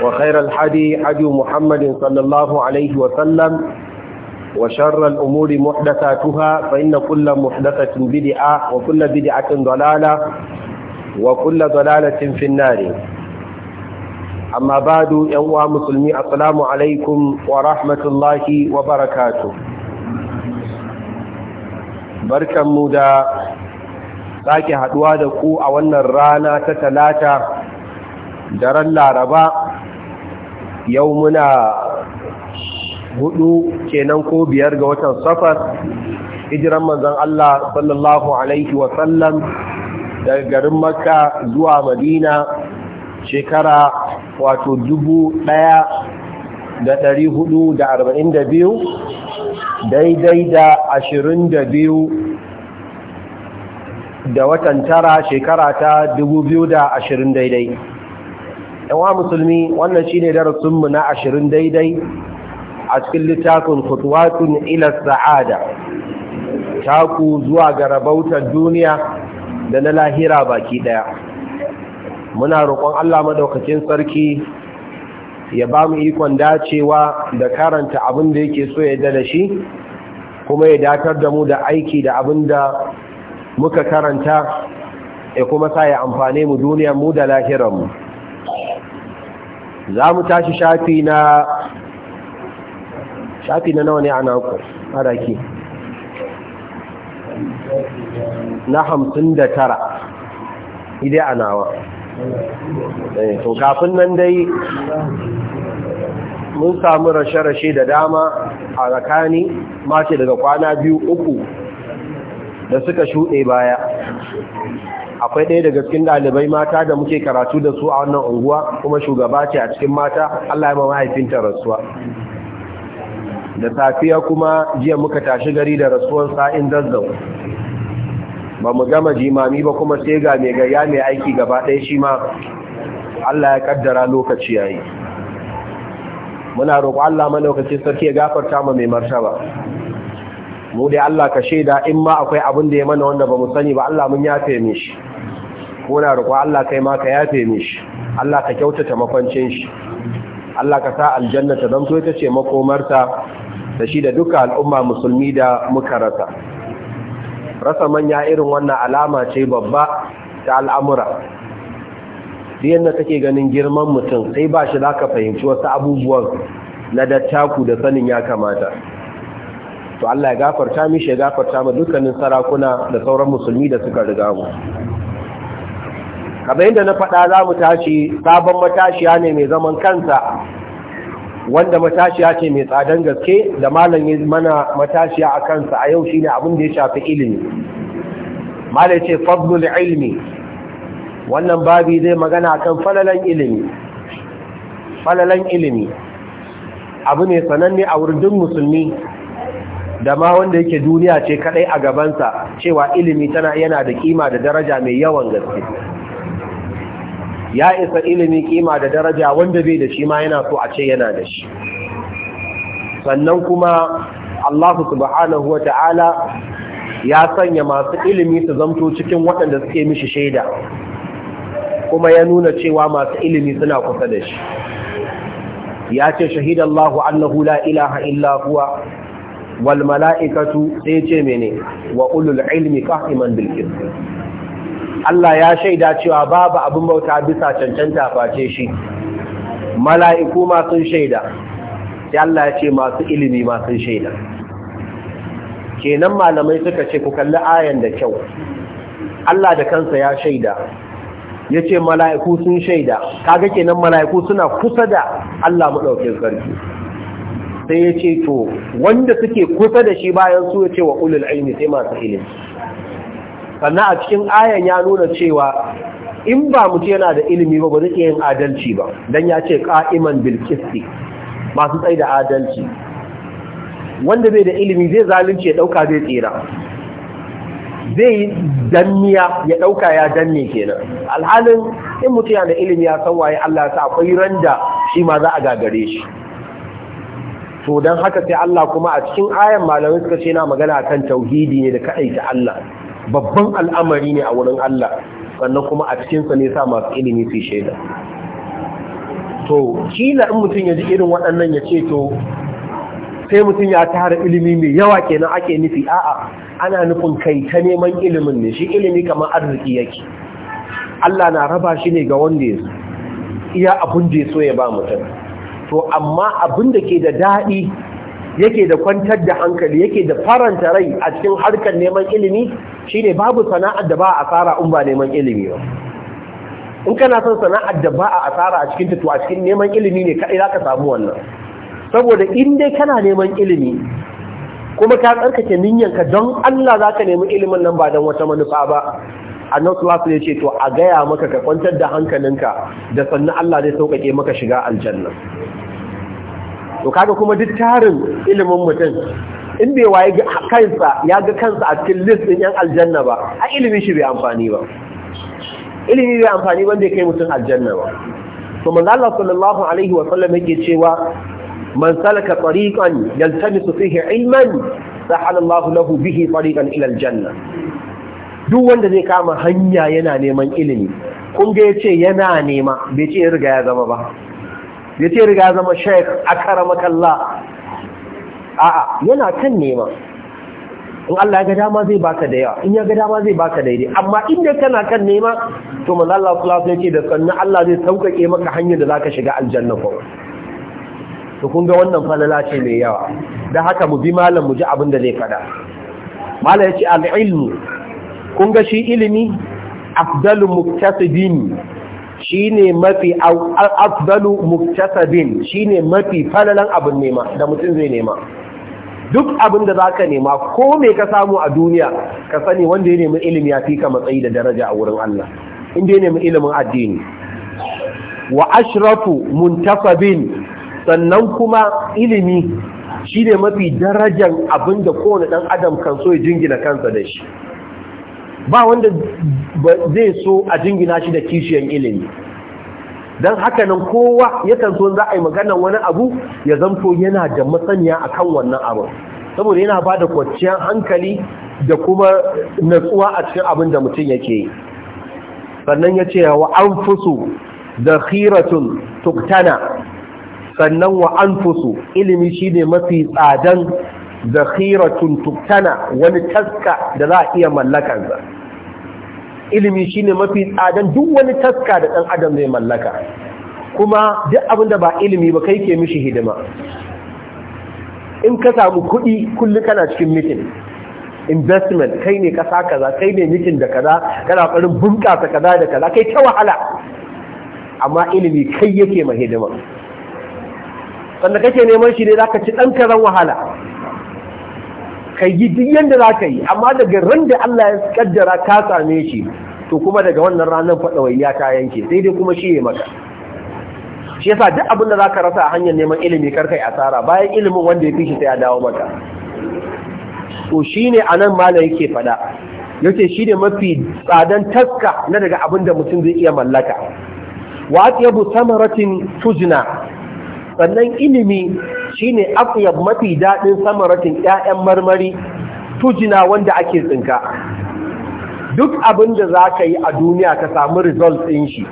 وخير الحدي حدي محمد صلى الله عليه وسلم وشر الأمور محدثاتها فإن كل محدثة بدعة وكل بدعة ضلالة وكل ضلالة في النار أما بعد يوم مسلمي السلام عليكم ورحمة الله وبركاته بركة مدى sake haduwa da ku a wannan rana ta talata daren laraba yau muna hudu kenan ko biyar ga watan safar hijiran manzan Allah sallallahu alaihi wa sallam daga garin Makka zuwa Madina shekara wato dubu ɗaya da dari hudu da arba'in da biyu daidai da ashirin da biyu da watan tara shekara ta dubu biyu da ashirin daidai yanwa musulmi wannan shine darasinmu na ashirin daidai a cikin littafin khutwatun Ilar sa'ada taku zuwa ga rabautar duniya da na lahira baki ɗaya. muna roƙon Allah madaukakin sarki ya ba mu ikon dacewa da karanta abin da yake so ya dada shi kuma ya datar da mu da aiki da abin da muka karanta ya kuma sa ya amfane mu duniya mu da mu. za mu tashi shafi na shafi na nawa ne a naku haraki na hamsin da tara idai a nawa eh, to kafin nan dai mun samu rashe-rashe da dama a zakani mace daga kwana biyu uku da suka shuɗe baya akwai ɗaya daga cikin ɗalibai mata da muke karatu da su a wannan unguwa kuma shugaba ce a cikin mata Allah ya mahaifinta rasuwa da safiya kuma jiya muka tashi gari da rasuwar sa'in zazzau ba mu gama jimami ba kuma sai ga mai gaya mai aiki gaba ɗaya shi ma Allah ya kaddara lokaci yayi muna roƙo Allah malaukaci sarki ya gafarta mu mai martaba mu dai Allah ka shaida in ma akwai abin da ya mana wanda ba mu sani ba Allah mun yafe mishi kuna roƙo Allah kai ma ka yafe mishi Allah ka kyautata makwancin shi Allah ka sa aljanna ta zanto ita ce makomarta da shi da duka al'umma musulmi da muka rasa rasa manya irin wannan alama ce babba ta al'amura diyan yadda take ganin girman mutum sai ba shi zaka fahimci wasu abubuwan na dattaku da sanin ya kamata to Allah ya gafarta mishi ya gafarta ma dukkanin sarakuna da sauran musulmi da suka riga mu kamar yadda na faɗa za mu tashi sabon matashiya ne mai zaman kansa wanda matashiya ce mai tsadan gaske da malam ya mana matashiya a kansa a yau shi ne abin da ya shafi ilimi malam ce fadlul ilimi, wannan babi zai magana kan falalan ilimi falalan ilimi abu ne sananne a wurin duk musulmi da ma wanda yake duniya ce kadai a gabansa cewa ilimi tana yana da kima da daraja mai yawan gaske ya isa ilimi kima da daraja wanda bai da shi ma yana so a ce yana da shi sannan kuma Allah subhanahu wa ta'ala ya sanya masu ilimi su zamto cikin waɗanda suke mishi shaida kuma ya nuna cewa masu ilimi suna kusa da shi ya ce shahidallahu annahu la ilaha illa huwa wal mala'ikatu sai ce mene wa ulul ilmi qa'iman bil qist Allah ya shaida cewa babu abin bauta bisa cancanta face shi mala'iku ma sun shaida sai Allah ya ce masu ilimi ma sun shaida kenan malamai suka ce ku kalli ayan da kyau Allah da kansa ya shaida ya ce mala'iku sun shaida kaga kenan mala'iku suna kusa da Allah dauke sarki sai ya ce to wanda suke kusa da shi bayan su ya ce wa ulul ilmi sai masu ilimi sannan a cikin ayan ya nuna cewa in ba mutu yana da ilimi ba ba zai yin adalci ba don ya ce ƙa'iman bilkisti masu tsaye da adalci wanda zai da ilimi zai zalunci ya ɗauka zai tsira zai yi danniya ya ɗauka ya danne kenan alhalin in mutu yana da ilimi ya san waye Allah sa akwai ran da shi ma za a gagare shi to don haka sai Allah kuma a cikin ayan malamai suka ce na magana kan tauhidi ne da ta Allah babban al'amari ne a wurin Allah sannan kuma a cikinsa ne sa masu ilimi su shaida to kila in mutum ya ji irin waɗannan ya ce to sai mutum ya tara ilimi mai yawa kenan ake nufi a'a ana nufin kai ta neman ilimin ne shi ilimi kamar arziki yake Allah na raba shi ne ga wanda ya iya abin da ya so ya ba mutum to amma abin da ke da daɗi yake da kwantar da hankali yake da faranta rai a cikin harkar neman ilimi shine babu sana'ar da ba a asara in ba neman ilimi ba in kana son sana'ar da ba a asara a cikin to a cikin neman ilimi ne kaɗai za ka samu wannan saboda in dai kana neman ilimi kuma ka tsarkake niyyanka don Allah za ka nemi ilimin nan ba don wata manufa ba annan sulasu ya ce to a gaya maka ka kwantar da hankalinka da sannan Allah zai sauƙaƙe maka shiga aljanna to kaga kuma duk tarin ilimin mutum in bai kansa ya ga kansa a cikin list din yan aljanna ba a ilimin shi bai amfani ba ilimi bai amfani wanda bai kai mutum aljanna ba to manzo Allah sallallahu alaihi wa sallam yake cewa man salaka tariqan yaltamisu fihi ilman sahala Allah lahu bihi tariqan ila janna. duk wanda zai kama hanya yana neman ilimi kun ga yace yana nema bai ce ya riga ya zama ba ya ce riga zama a sheik akaramakallah a'a yana kan nema in Allah ya ga dama zai baka da yawa in ya ga dama zai baka daidai amma in kana kan nema to manzo Allah sallallahu alaihi da sannan Allah zai sauƙaƙe maka hanyar da zaka shiga aljanna ko to kun ga wannan falala ce mai yawa dan haka mu bi malam mu ji abin da zai faɗa. malam yace al-ilmu kun ga shi ilimi afdalu muktasibin shine mafi afdalu shi ne mafi falalan abin nema da mutum zai nema duk abin da za ka nema ko me ka samu a duniya ka sani wanda ya nemi ilimi ya fi ka matsayi da daraja a wurin Allah inda ya nemi ilimin addini wa ashrafu muntasabin sannan kuma ilimi shi ne mafi darajan abin da kowane ɗan adam kan so ya jingina kansa da shi ba wanda zai so a jingina shi da kishiyan ilimi don haka nan kowa yakan so za a yi maganar wani abu ya zamto yana da masaniya a kan wannan abu saboda yana ba da kwanciyar hankali da kuma natsuwa a cikin abin da mutum yake yi sannan ya ce wa an fusu da khiratun tuktana sannan wa an fusu ilimi shi ne mafi tsadan zakhiratun tuktana wani taska da za a iya mallakansa ilimi shine mafi tsadan duk wani taska da ɗan adam zai mallaka kuma duk abin da ba ilimi ba kai ke mishi hidima in ka samu kuɗi kullum kana cikin mitin investment kai ne kasa kaza kai ne mitin da kaza kana ƙarin bunƙasa kaza da kaza kai ta wahala amma ilimi kai yake ma hidima sanda kake neman shi ne zaka ci ɗan karen wahala ka yi duk yadda za ka yi amma daga ran da Allah ya kaddara ka same shi to kuma daga wannan ranar ya ta yanke sai dai kuma shi ya maka shi yasa duk abin da zaka rasa a hanyar neman ilimi kar kai asara bayan ilimin wanda ya fi shi sai ya dawo maka to shine anan malam yake faɗa yace shi ne mafi tsadan taska na daga abin da mutum zai iya mallaka wa atyabu samaratin tujna sannan ilimi Shi ne afyab mafi daɗin samaratin 'ya'yan marmari tujina wanda ake tsinka duk abin da za ka yi a duniya ka samu result ɗin shi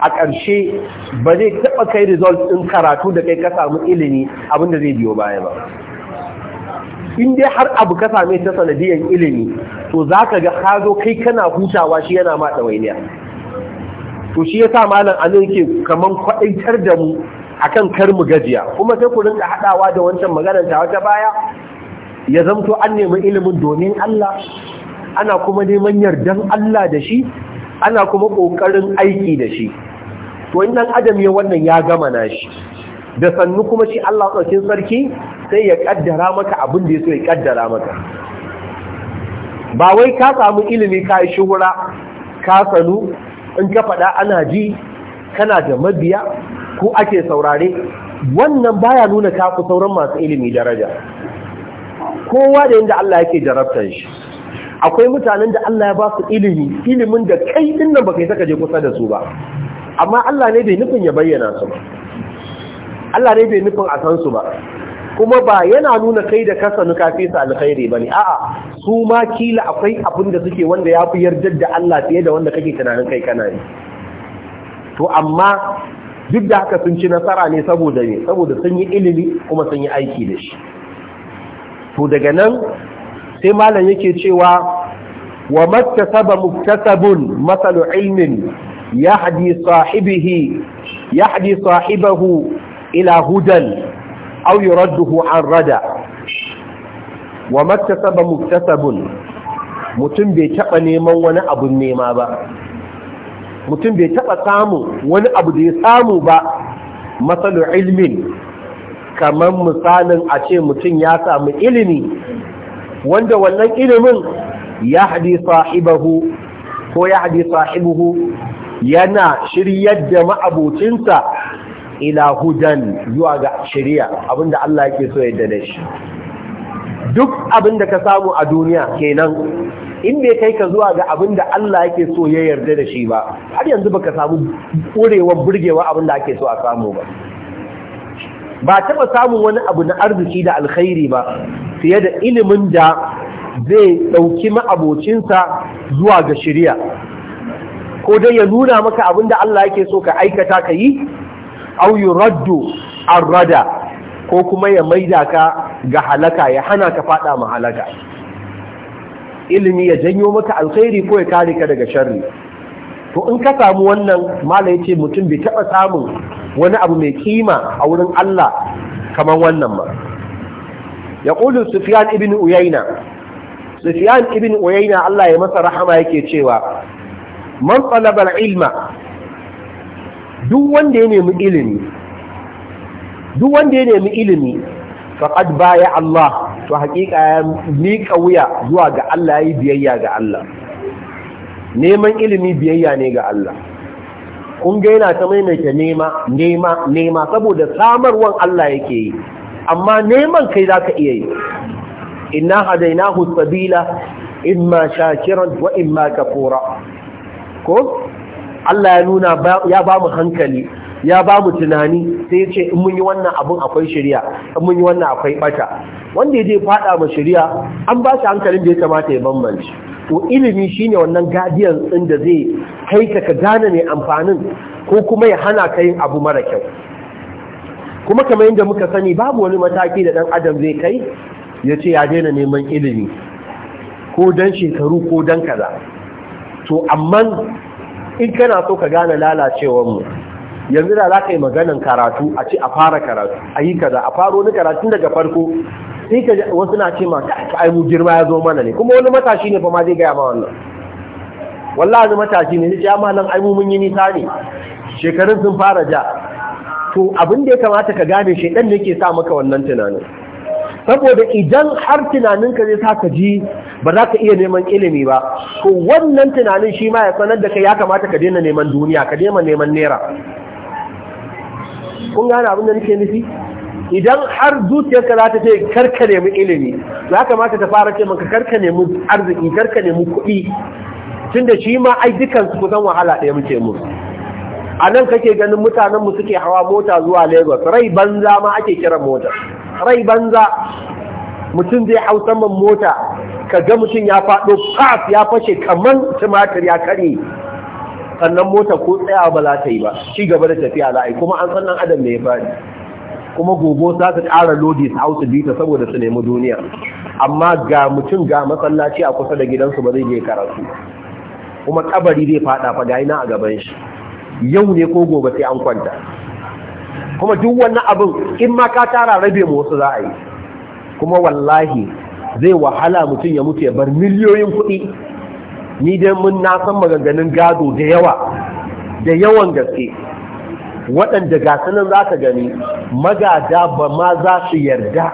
a ƙarshe ba zai taɓa kai result ɗin karatu da kai ka samu ilimi abin da zai biyo baya ba in dai har abu ka same ta sanadiyar ilimi to za ka ga hazo kai kana hutawa shi yana ma ɗawainiya to shi ya sa malam anan ke kaman kwaɗaitar da mu akan kar mu gajiya kuma sai ku rinka hadawa da wancan maganar ta wata baya ya zamto an nemi ilimin domin Allah ana kuma neman yardan Allah da shi ana kuma kokarin aiki da shi to in dan adam ya wannan ya gama shi. da sannu kuma shi Allah ɗaukin sarki sai ya ƙaddara maka abin da ya so ya ƙaddara maka ba wai ka samu ilimi ka yi shuhura ka sanu in ka faɗa ana ji kana da mabiya ko ake saurare wannan baya nuna ku sauran masu ilimi daraja kowa da yadda Allah yake jarabtar shi akwai mutanen da Allah ya ba su ilimi ilimin da kai dinnan baka yi saka je kusa da su ba amma Allah ne bai nufin ya bayyana su ba Allah ne bai nufin a san su ba kuma ba yana nuna kai da kasa nuka fi sa alkhairi bane a'a su ma kila akwai abin da suke wanda ya fi yardar da Allah fiye da wanda kake tunanin kai kana yi to amma duk da haka sun ci nasara ne saboda ne saboda sun yi ilimi kuma sun yi aiki da shi to daga nan sai malam yake cewa wa mattasaba muktasabun masalu ilmin yahdi sahibihi yahdi sahibahu ila hudan aw yuradduhu an rada wa mattasaba muktasabun mutum bai taɓa neman wani abun nema ba mutum bai taɓa samu wani abu da ya samu ba matsalar ilmin kamar misalin a ce mutum ya samu ilimi wanda wannan ilimin ya haɗi sahibahu ko ya haɗi sahibuhu yana shiryar da ma'abocinsa ila hudan zuwa ga shirya abinda Allah yake so ya da shi duk abinda ka samu a duniya kenan in bai kai ka zuwa ga abin da Allah yake so ya yarda da shi ba har yanzu baka samu ƙurewar burgewa abin da ake so a samu ba ba taɓa samun wani abu na arziki da alkhairi ba fiye da ilimin da zai ɗauki ma'abocinsa zuwa ga shirya ko dai ya nuna maka abin da Allah yake so ka aikata ka yi au yuraddu arrada ko kuma ya maida ka ga halaka ya hana ka faɗa ma halaka ilimi ya janyo maka alkhairi ko ya kare ka daga sharri to in ka samu wannan malai yace mutum bai taba samun wani abu mai kima a wurin Allah kamar wannan ba kulu sufyan ibn uyayna sufyan ibn uyayna Allah ya masa rahama yake cewa man talaba ilma duk wanda ya nemi ilimi duk wanda ya nemi ilimi faqad baya Allah to hakika ya miƙa wuya zuwa ga Allah ya yi biyayya ga Allah neman ilimi biyayya ne ga Allah kun ga yana ta maimaita nema nema nema saboda samarwan Allah yake yi amma neman kai za ka iya yi inna hadainahu sabila ma shakiran wa imma kafura ko Allah ya nuna ya ba mu hankali ya ba mu tunani sai ya ce in mun yi wannan abun akwai shari'a in mun yi wannan akwai bata wanda ya je fada ma shari'a an ba shi hankalin da ya kamata ya bambance to ilimi shine wannan guardian din da zai kai ka ka gane ne amfanin ko kuma ya hana ka yin abu mara kyau kuma kamar yadda muka sani babu wani mataki da dan adam zai kai ya ce ya daina neman ilimi ko dan shekaru ko dan kaza to amman in kana so ka gane lalacewar mu yanzu da za ka yi maganin karatu a ce a fara karatu a yi kaza a faro ni karatu daga farko sai ka wasu na ce ma ka ai mu girma ya zo mana ne kuma wani matashi ne fa ma zai gaya ma wannan wallahi matashi ne ya malam ai mu mun yi nisa ne shekarun sun fara ja to abin da ya kamata ka gane shi, dan ne ke sa maka wannan tunanin saboda idan har tunaninka zai sa ka ji ba za ka iya neman ilimi ba to wannan tunanin shi ma ya sanar da kai ya kamata ka daina neman duniya ka daina neman nera. kun gane abin da nake nufi idan har zuciyarka za ta ce karka nemi ilimi ka mata ta fara ce maka karka nemi arziki karka nemi kuɗi tun da shi ma ai dukan su kusan wahala ɗaya muke mu a nan kake ganin mutanen mu suke hawa mota zuwa lagos rai banza ma ake kiran mota rai banza mutum zai hau saman mota ka ga mutum ya faɗo fas ya fashe kamar tumatir ya kare sannan mota ko tsaya ba za ta yi ba ci gaba da tafiya za a yi kuma an sannan adam ne ya kuma gobo za ta ƙara lodi su hausu bita saboda su nemi duniya amma ga mutum ga masallaci a kusa da gidansu ba zai je karatu kuma kabari zai fada fa ga ina a gaban shi yau ne ko gobe sai an kwanta kuma duk wannan abin in ma ka tara rabe mu wasu za a yi kuma wallahi zai wahala mutum ya mutu ya bar miliyoyin kuɗi ni dai mun na san maganganun gado da yawa da yawan gaske waɗanda gasanin za ka gani magada ba ma za su yarda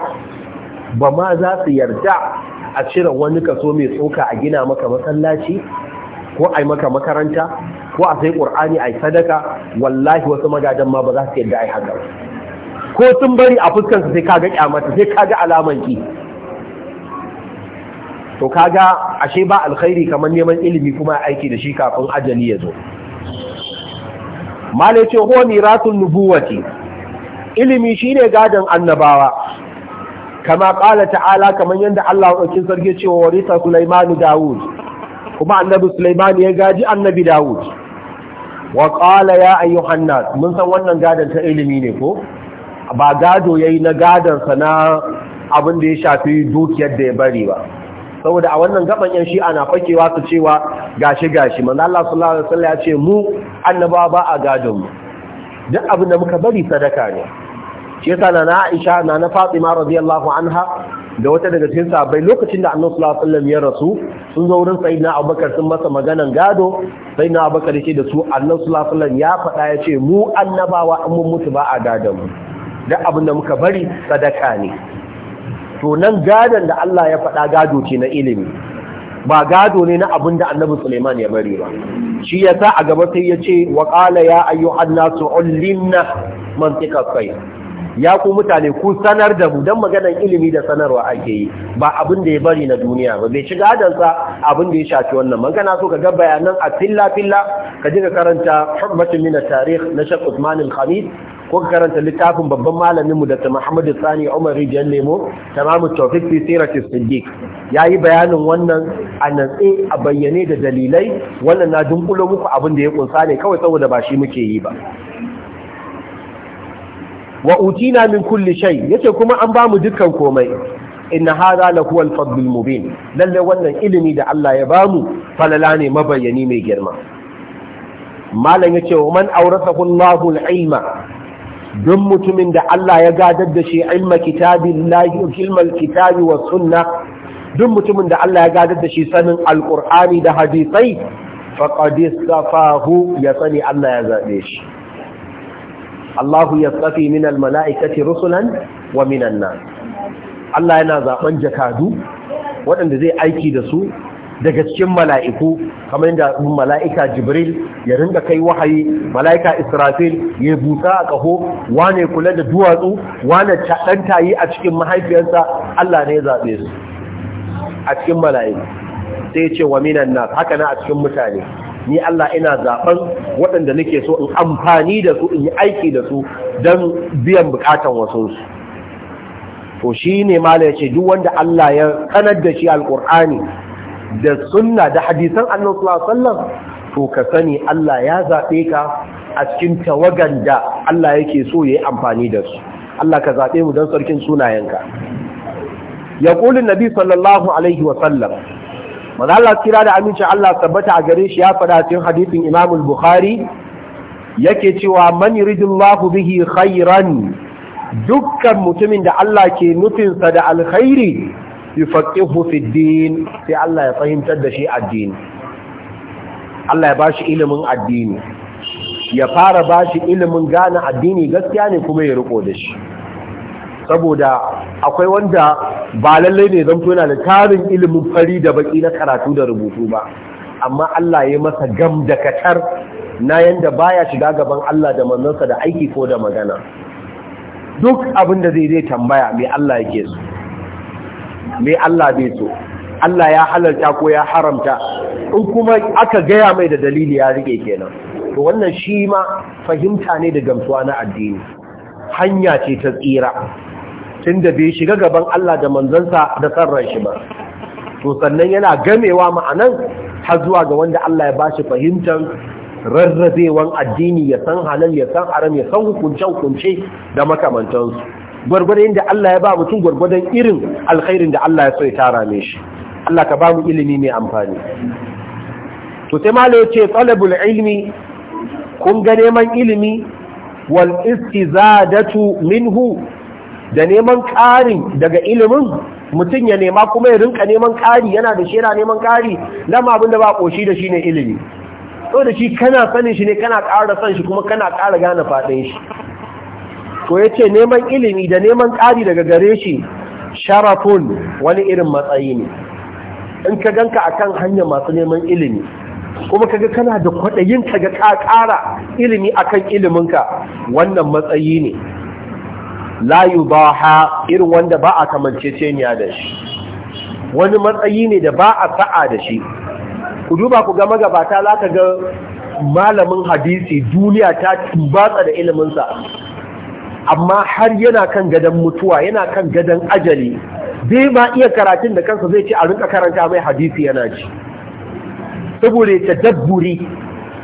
ba ma za su yarda a cire wani kaso mai tsoka a gina maka masallaci ko a yi maka makaranta ko a sai ƙur'ani a yi sadaka wallahi wasu magadan ma ba za su yarda a yi haka ko sun bari a fuskansa sai kaga kyamata sai kaga alaman ki to kaga ashe ba alkhairi kamar neman ilimi kuma aiki da shi kafin ajali ya zo malai ce ho miratul nubuwati ilimi shine gadon annabawa kama ƙala ta'ala kamar yadda Allah ɗaukin sarki cewa warisa sulaiman Dawud kuma annabi Sulaiman ya gaji annabi Dawud wa ƙala ya ayyuhan nas mun san wannan gadon ta ilimi ne ko ba gado yayi na gadon sa na abin da ya shafi dukiyar da ya bari ba saboda a wannan gaban yan shi'a na fakewa su cewa gashi gashi manzo Allah sallallahu alaihi wasallam ya ce mu annaba ba a gadon mu duk abin da muka bari sadaka ne shi yasa na Aisha na na Fatima radiyallahu anha da wata daga cikin sahabbai lokacin da Annabi sallallahu alaihi wasallam ya rasu sun zo wurin Sayyidina Abubakar sun masa maganan gado Sayyidina Abubakar yake da su Annabi sallallahu alaihi wasallam ya faɗa ya ce mu annabawa an mun mutu ba a gadon mu duk abin da muka bari sadaka ne to gadon da Allah ya faɗa gado ce na ilimi ba gado ne na abin da annabi Suleiman ya bari ba shi ya sa a gaba sai ya ce wa ƙala ya ayyu annasu ullinna mantika kai ya ku mutane ku sanar da mu don maganar ilimi da sanarwa ake yi ba abin da ya bari na duniya ba bai ci gadonsa abin da ya shafi wannan magana so ka ga bayanan a filla filla ka ji ka karanta hukmatin min tarikh na Sheikh Usman al-Khamis ko karanta littafin babban malaminmu da ta Muhammadu Sani Umar Rijiyar Lemo tamamu Tawfiq fi Siratis Siddiq yayi bayanin wannan a a bayyane da dalilai wannan na dunkulo muku abin da ya kunsa ne kawai saboda ba shi muke yi ba wa utina min kulli shay yace kuma an ba mu dukkan komai inna hadha la huwa al-fadl mubin lalle wannan ilimi da Allah ya bamu falala ne mabayani mai girma malam yace wa man awrathahu Allahu al-ilma don mutumin da Allah ya gadar da shi ilma kitabillahi ilmal kitabi wa sunna duk mutumin da Allah ya gadar da shi sanin alkur'ani da hadisai faqad istafahu ya sani Allah ya zaɓe shi Allah ya tsafi min almalaikati rusulan wa minan nan. Allah yana zaben jakadu waɗanda zai aiki da su daga cikin mala'iku kamar da mala'ika jibril ya ringa kai wahayi mala'ika israfil ya busa a kaho wane kula da duwatsu wane caɗan tayi a cikin mahaifiyarsa Allah ne zaɓe su a cikin mala'iku sai ce wa minan na haka na a cikin mutane ni Allah ina zaɓen waɗanda nake so in amfani da su in yi aiki da su don biyan bukatan su. to shi ne mala ya ce duk wanda Allah ya kanar da shi alƙur'ani da sunna da hadisan Allah sallallahu to ka sani Allah ya zaɓe ka a cikin tawagan da Allah yake so yayi amfani da su Allah ka zaɓe mu don sarkin sunayenka ya ƙulin nabi sallallahu alaihi wasallam maza Allah kira da aminci Allah tabbata a gare shi ya faɗa cikin hadisin al bukhari yake cewa man yuridullahu bihi khairan dukkan mutumin da Allah ke nufinsa da alkhairi yufaqihu fi din sai Allah ya fahimtar da shi addini Allah ya bashi ilimin addini ya fara bashi ilimin gane addini gaskiya ne kuma ya riko da shi saboda akwai wanda ba lalle ne zan yana da tarin ilimin fari da baki na karatu da rubutu ba amma Allah ya masa gam da katar na yanda baya shiga gaban Allah da manzansa da aiki ko da magana duk abin da zai zai tambaya mai Allah yake so me Allah bai so Allah ya halarta ko ya haramta in kuma aka gaya mai da dalili ya rike kenan to wannan shi ma fahimta ne da gamsuwa na addini hanya ce ta tsira tunda bai shiga gaban Allah da manzansa da sarran shi ba to sannan yana gamewa ma'anan har zuwa ga wanda Allah ya bashi fahimtar rarrabewan addini ya san halal ya san haram ya san hukunce-hukunce da makamantansu gwargwadon yadda Allah ya ba mutum gwargwadon irin alkhairin da Allah ya so ya tara ne shi Allah ka ba mu ilimi mai amfani to sai malai yace talabul ilmi kun ga neman ilimi wal istizadatu minhu da neman ƙarin daga ilimin mutum ya nema kuma ya rinka neman ƙari yana da shera neman ƙari lama abin da ba koshi da shi ne ilimi so da shi kana sanin shi ne kana ƙara san shi kuma kana ƙara gane faɗin shi to ya ce neman ilimi da neman ƙari daga gare shi sharafun wani irin matsayi ne in ka ganka a kan hanya masu neman ilimi kuma ka ga kana da kwaɗayin ga ƙara ilimi a kan iliminka wannan matsayi ne layu ba ha irin wanda ba a kamanceceniya da shi wani matsayi ne da ba a sa'a da shi ku duba ku gama gabata, za ka ga malamin hadisi duniya ta tumbatsa da iliminsa amma har yana kan gadon mutuwa yana kan gadon ajali zai ma iya karatun da kansa zai ce a rinka karanta mai hadisi yana ci saboda ya tadabburi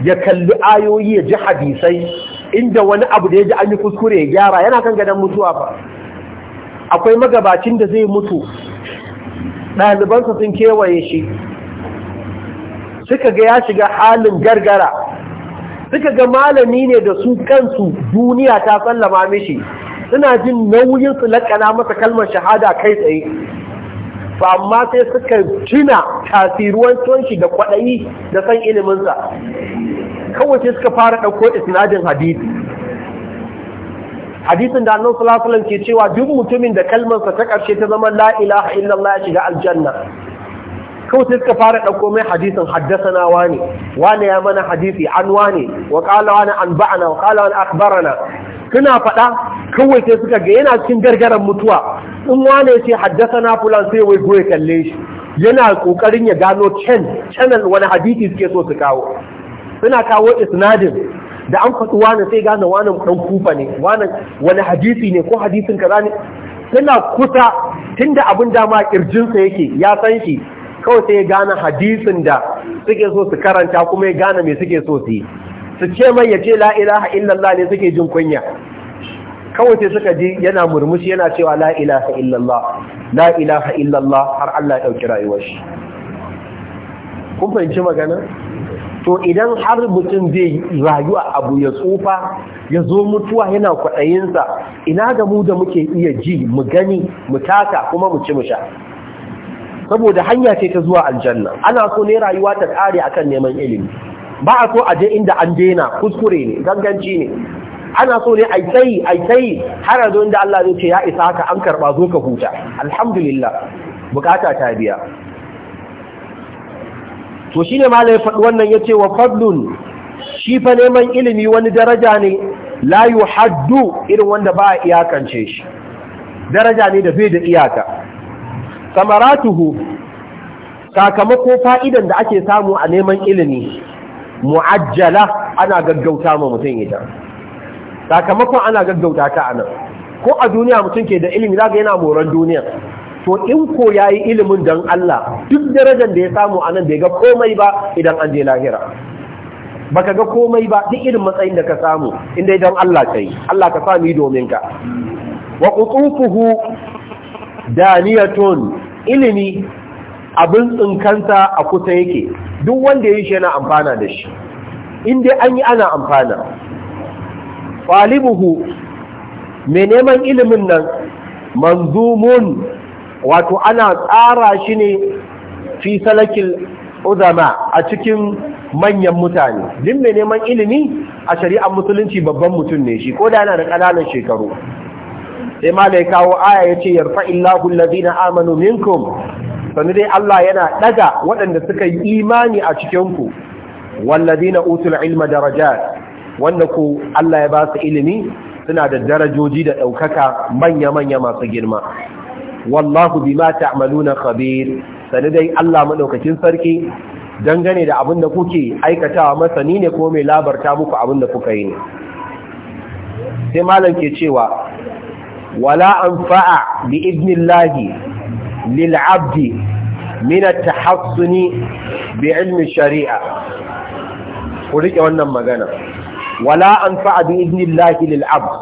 ya kalli ayoyi ya ji hadisai inda wani abu da ya ji an yi kuskure ya gyara yana kan gadon mutuwa ba akwai magabacin da zai mutu ɗalibansa sun kewaye shi suka ga ya shiga halin gargara suka ga malami ne da su kansu duniya ta sallama mishi suna jin nauyin su lakana masa kalmar shahada kai tsaye ba amma sai suka tuna tasiruwan shi da kwaɗayi da san iliminsa kawai sai suka fara ɗauko isnadin hadisi hadisin da annabi sallallahu ke cewa duk mutumin da kalmarsa ta ƙarshe ta zama la ilaha illallah ya shiga aljanna kawai sai suka fara ɗauko mai hadisin haddasa wani wani ya mana hadisi an wani wa wani an ba'ana wa qala wani suna faɗa kawai sai suka ga yana cikin gargaran mutuwa in wani ya ce na fulan sai wai goye kalle shi yana kokarin ya gano can channel wani hadisi suke so su kawo suna kawo isnadin da an faɗi wani sai gane wani ɗan kufa ne wani hadisi ne ko hadisin kaza ne tana kusa tunda abin dama kirjinsa yake ya san shi kawai sai ya gane hadisin da suke so su karanta kuma ya gane mai suke so su yi su ce mai ya ce la'ilaha illallah ne suke jin kunya kawai sai suka ji yana murmushi yana cewa la'ilaha illallah la'ilaha illallah har Allah ya ɗauki rayuwar shi kun fahimci magana to idan har mutum zai rayu a abu ya tsufa ya zo mutuwa yana kwaɗayinsa ina ga mu da muke iya ji mu gani mu taka kuma mu ci mu sha saboda hanya ce ta zuwa aljanna ana so ne rayuwa ta kare akan neman ilimi ba a so a je inda an daina kuskure ne ganganci ne ana so ne ai tsayi ai tsayi har a da Allah zai ce ya isa haka an karba zo ka huta alhamdulillah bukata ta biya to shine malai faɗi wannan yace wa fadlun shi fa neman ilimi wani daraja ne la yuhaddu irin wanda ba iyakance shi daraja ne da bai da iyaka samaratuhu sakamako fa'idan da ake samu a neman ilimi mu'ajjala ana gaggauta ma mutum ita sakamakon ana gaggauta ta anan ko a duniya mutum ke da ilimi zaga yana moran duniya to in ko yayi ilimin dan Allah duk darajar da ya samu anan bai ga komai ba idan an je lahira baka ga komai ba duk irin matsayin da ka samu inda idan Allah kai Allah ka sami domin ka wa qutufuhu daniyatun ilimi abin tsinkansa a kusa yake duk wanda ya yi shi yana amfana da shi inda an yi ana amfana ƙwalibuhu mai neman ilimin nan manzumun wato ana tsara shi ne fi salakil uzama a cikin manyan mutane din mai neman ilimi a shari'ar musulunci babban mutum ne shi ko da yana da ƙananan shekaru sai mala ya kawo aya ya ce yarfa illahu allazina amanu minkum sannu dai Allah yana daga waɗanda suka yi imani a cikinku wallazina utul ilma darajat wanda ku Allah ya ba su ilimi suna da darajoji da ɗaukaka manya-manya masu girma wallahu bima ta'maluna khabir sannu dai Allah madaukakin sarki dangane da abin da kuke aikatawa masani ne ko mai labarta muku abin da kuka yi ne sai malam ke cewa ولا أنفع بإذن الله للعبد من التحصن بعلم الشريعة قلت وانا مغانا ولا أنفع بإذن الله للعبد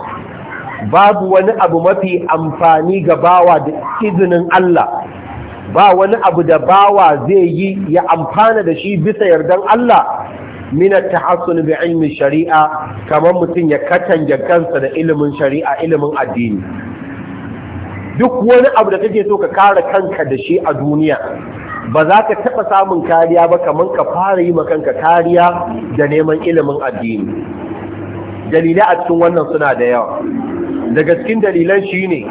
باب وانا أبو مفي أنفاني قباوة إذن الله ba wani abu da bawa zai yi ya amfana da shi bisa yardan Allah min at-tahassun bi ilmi shari'a kamar mutum ya katange kansa da ilimin shari'a ilimin addini duk wani abu da kake so ka kare kanka da shi a duniya ba za ka taɓa samun kariya ba kamar ka fara yi kanka kariya da neman ilimin addini dalilai a cikin wannan suna da yawa daga cikin dalilan shi ne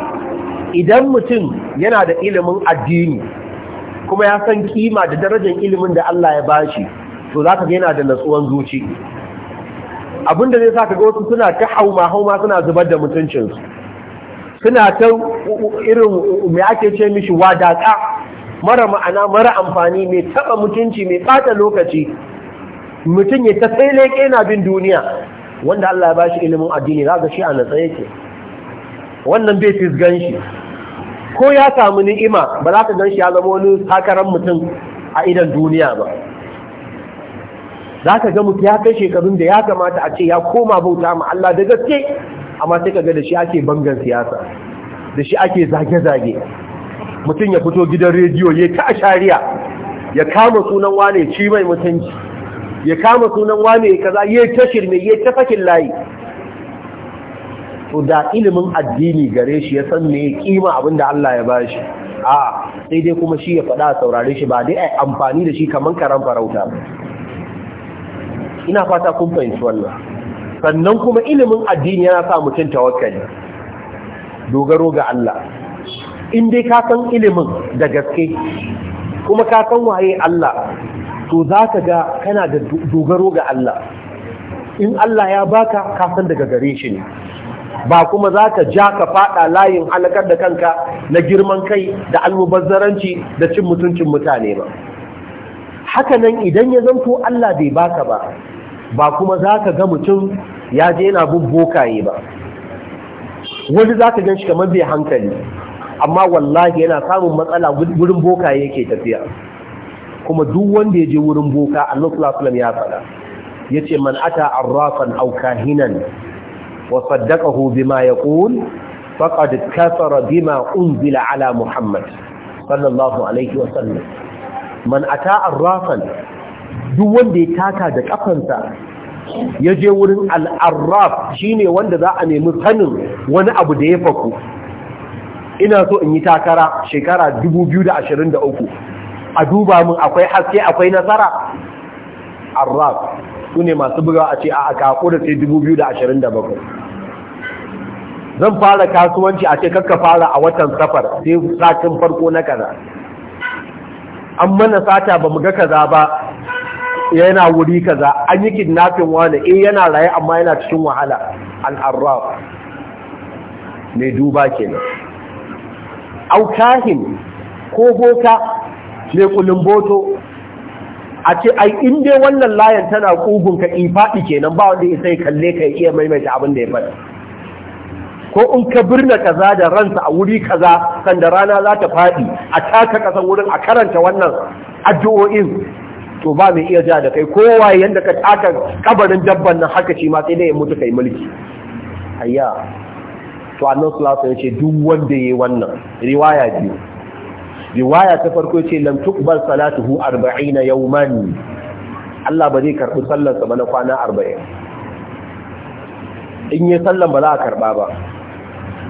idan mutum yana da ilimin addini kuma ya san kima da darajar ilimin da Allah ya bashi to za ka yana da natsuwan zuci abinda zai sa ka ga wasu suna ta hauma hauma suna zubar da mutuncinsu suna ta irin mai ake ce mishi wadaƙa mara ma'ana mara amfani mai taɓa mutunci mai ɓata lokaci mutum ya ta sai leƙe na bin duniya wanda Allah ya bashi ilimin addini za ka shi a natsa yake wannan bai fisgan shi ko ya samu ni'ima ba za ka gan shi ya zama wani sakaran mutum a idan duniya ba za ka ga mutu ya kai shekarun da ya kamata a ce ya koma bauta ma Allah da gaske amma sai ka ga da shi ake bangan siyasa da shi ake zage-zage mutum ya fito gidan rediyo ya ta ashariya ya kama sunan wane ci mai mutunci ya kama sunan wane kaza ya ta shirme ya ta fakin layi to da ilimin addini gare shi ya san me kima abin da Allah ya ba bashi a sai dai kuma shi ya faɗa saurare shi ba dai amfani da shi kamar karan farauta ba ina fata kun fahimci wannan sannan kuma ilimin addini yana sa mutum tawakkali dogaro ga Allah in dai ka san ilimin da gaske kuma ka san waye Allah to za ka ga kana da dogaro ga Allah in Allah ya baka ka san daga gare shi ne ba kuma za ka ja ka fada layin halakar da kanka na girman kai da almubazzaranci da cin mutuncin mutane ba haka nan idan ya zanto Allah bai baka ba ba kuma za ka ga mutum ya je yana bin bokaye ba wani za ka gan shi kamar bai hankali amma wallahi yana samun matsala wurin bokaye yake tafiya kuma duk wanda ya je wurin boka Allah sallallahu ya faɗa yace man ata arrafan aw kahinan wa saddaqahu bima yaqul faqad kafara bima unzila ala muhammad sallallahu alaihi wa sallam man ata arrafan duk wanda ya taka da kafansa ya je wurin al'arraf shi ne wanda za a nemi sanin wani abu da ya faku ina so in yi takara shekara 2023 a duba min akwai haske akwai nasara arraf su ne masu buga a ce a aka haƙura sai 2027 zan fara kasuwanci a ce kakka fara a watan safar sai satin farko na kaza an mana sata ba mu ga kaza ba yana wuri kaza an yi kidnafin wani eh yana raye amma yana cikin wahala al'arraf mai duba ke nan. Aukahin, ko boka mai kulumboto a ce ai in dai wannan layan tana kugun ka ifaɗi kenan ba wanda ya sai kalle ka iya maimaita abin da ya faɗi ko in ka birna kaza da ransa a wuri kaza kan da rana za ta faɗi a taka kasan wurin a karanta wannan addu'o'in to ba mai iya ja da kai kowa yadda ka taka kabarin dabban nan haka ce ma sai dai ya mutu kai mulki hayya to annabi sallallahu alaihi wasallam ce duk wanda yayi wannan riwaya biyu riwaya ta farko ce lam tuqbal salatuhu 40 yawman Allah ba zai karbi sallarsa ba na kwana 40 in yi sallan ba za a karba ba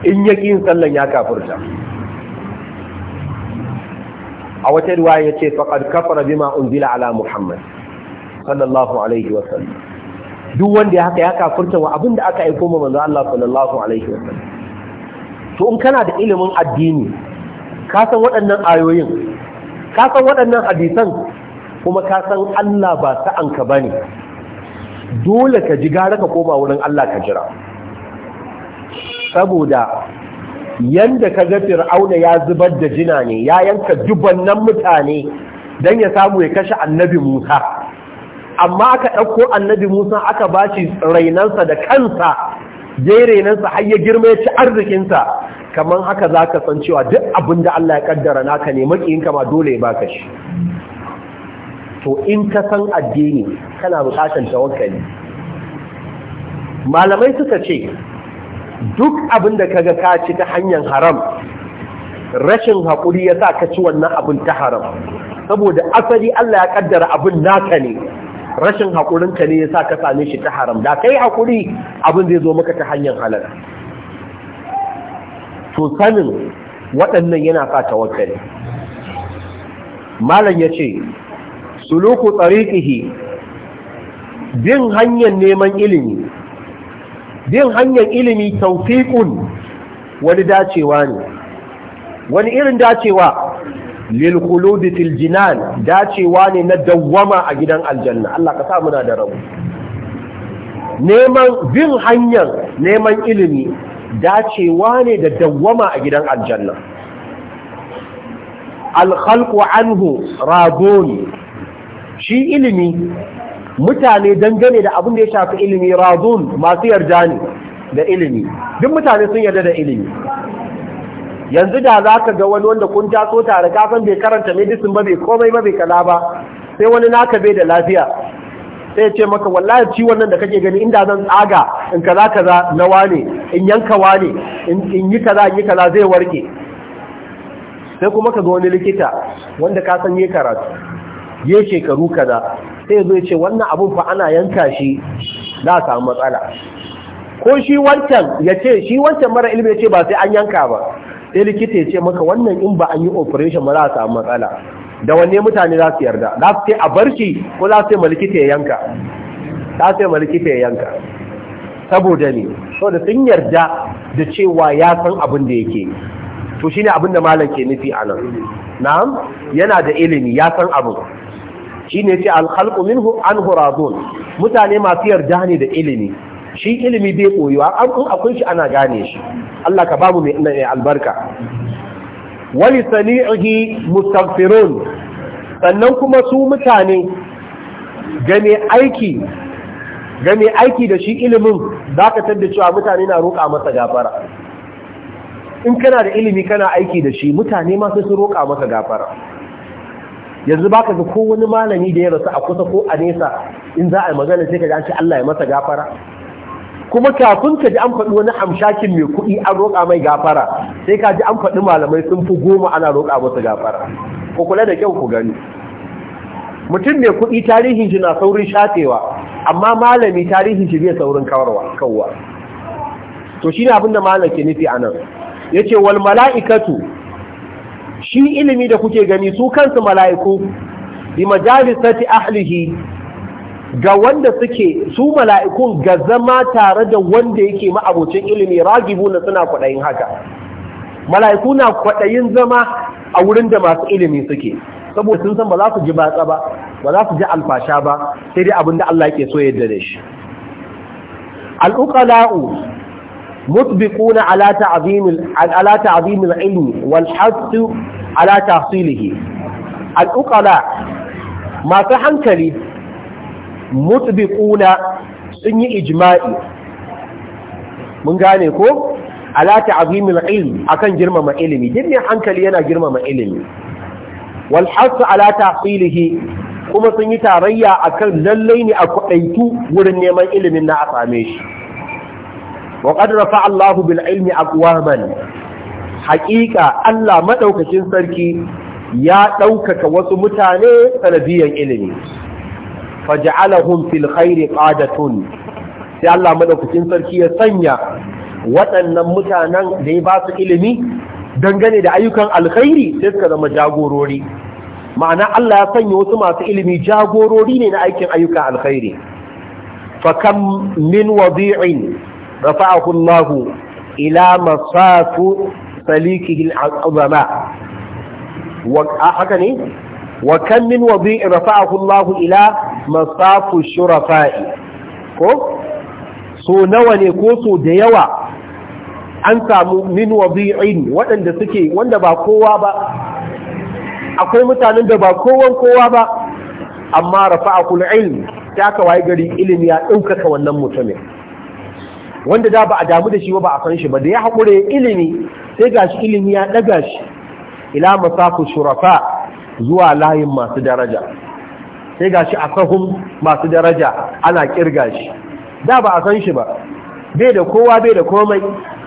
in yaki yin sallan ya kafurta. a wata riwaya yace faqad kafara bima unzila ala muhammad sallallahu alaihi wa sallam duk wanda ya haka ya kafirta wa abinda aka aiko mu manzo Allah sallallahu alaihi wa sallam to in kana da ilimin addini ka san waɗannan ayoyin ka san waɗannan hadisan kuma ka san Allah ba sa'anka bane dole ka ji gara ka koma wurin Allah ka jira saboda yanda ka ga fir'auna ya zubar da jina ne ya yanka dubannan mutane don ya samu ya kashe annabi musa amma aka ɗauko annabi musa aka ba shi rainansa da kansa je rainansa har ya girma ya ci arzikinsa kamar haka za ka san cewa duk abin da allah ya kaddara naka ne makiyinka ma dole ya baka shi to in ka san addini kana bukatan tawakkali malamai suka ce duk abin da kaga ka ci ta hanyar haram rashin haƙuri ya sa ka ci wannan abin ta haram saboda asali Allah ya kaddara abin naka ne rashin haƙurinka ne ya sa ka same shi ta haram da kai haƙuri abin zai zo maka ta hanyar halal to sanin waɗannan yana sa ta tawakkali malam ya ce suluku tsarikihi bin hanyar neman ilimi bin hanyar ilimi taufiƙun wani dacewa ne wani irin dacewa lil da dacewa ne na dawwama a gidan aljanna Allah ka sa muna da rabu neman bin hanyar neman ilimi dacewa ne da dawwama a gidan aljanna alkhalku anhu ne shi ilimi mutane dangane da abin da ya shafi ilimi razun masu yarda ne da ilimi duk mutane sun yarda da ilimi yanzu da za ka ga wani wanda kun taso tare kafin bai karanta medicine ba bai komai ba bai kala ba sai wani naka bai da lafiya sai ce maka wallahi ciwon nan da kake gani inda zan tsaga in kaza kaza na wane in yanka wane in yi kaza in yi kaza zai warke sai kuma ka ga wani likita wanda ka san yi karatu ya shekaru kaza sai zo ce wannan abun fa ana yanka shi za a samu matsala ko shi wancan ya ce shi wancan mara ilimi ya ce ba sai an yanka ba sai likita ya ce maka wannan in ba an yi operation ba za a samu matsala da wanne mutane za su yarda za su ce a shi ko za su ce ma ya yanka za su ce saboda ne saboda sun yarda da cewa ya san abin da yake to shine abin da malam ke nufi a nan na'am yana da ilimi ya san abin shine yace al-khalqu minhu an mutane masu yarda ne da ilimi shi ilimi bai koyuwa an akwai shi ana gane shi Allah ka bamu mai albarka wali sani'ihi mustaghfirun sannan kuma su mutane game aiki game aiki da shi ilimin zaka tadda cewa mutane na roƙa masa gafara in kana da ilimi kana aiki da shi mutane ma sai su roƙa masa gafara yanzu baka ga ko wani malami da ya rasu a kusa ko a nesa in za a yi magana sai ka ji an ce Allah ya masa gafara kuma kafin ka ji an faɗi wani amshakin mai kuɗi an roƙa mai gafara sai ka ji an faɗi malamai sun fi goma ana roƙa masa gafara Kukula kula da kyau ku gani mutum mai kuɗi tarihin shi na saurin shafewa amma malami tarihin shi zai saurin kawarwa kawwa to shine abin da malam ke nufi anan yace wal mala'ikatu shi ilimi da kuke gani su kansu mala'iku bi majalisati ahlihi ga wanda suke su mala'ikun ga zama tare da wanda yake ma'abocin ilimi ragibuna suna kwaɗayin haka mala'iku na kwaɗayin zama a wurin da masu ilimi suke saboda sun san ba za su ji batsa ba ba za su ji alfasha ba sai dai abin da Allah ke so yadda da shi al’uƙala’u mutbiquna ala ta'zimil ala ta'zimil ilmi wal hasu ala tahsilihi al'uqala masu hankali mutbiquna sun yi ijma'i mun gane ko ala ta'zimil ilm akan girmama ilimi din hankali yana girmama ilimi wal hasu ala tahsilihi kuma sun yi tarayya akan lallai ne a kudaitu wurin neman ilimin na a same shi wa qad rafa Allahu bil ilmi aqwaman haƙiƙa Allah maɗaukacin sarki ya ɗaukaka wasu mutane sanadiyan ilimi faja'alahun fil khairi qadatun sai Allah maɗaukacin sarki ya sanya waɗannan mutanen da ya ba su ilimi dangane da ayyukan alkhairi sai suka zama jagorori ma'ana Allah ya sanya wasu masu ilimi jagorori ne na aikin ayyukan alkhairi fa kam min wadi'in rafa'ahu Allah ila masatu salikihi al'azama wa haka ne wa kan min wadi rafa'ahu Allah ila masafu shurafa'i ko so nawa ne ko so da yawa an samu min wadi'in waɗanda suke wanda ba kowa ba akwai mutanen da ba kowan kowa ba amma rafa'ahu al-ilm ta gari ilimi ya ɗaukaka wannan mutumin wanda da ba a damu da shi ba a san shi ba da ya haƙure ilimi sai gashi ilimi ya ɗaga shi ila masafu shurafa zuwa layin masu daraja sai gashi a sahun masu daraja ana ƙirga shi da ba a san shi ba bai da kowa bai da komai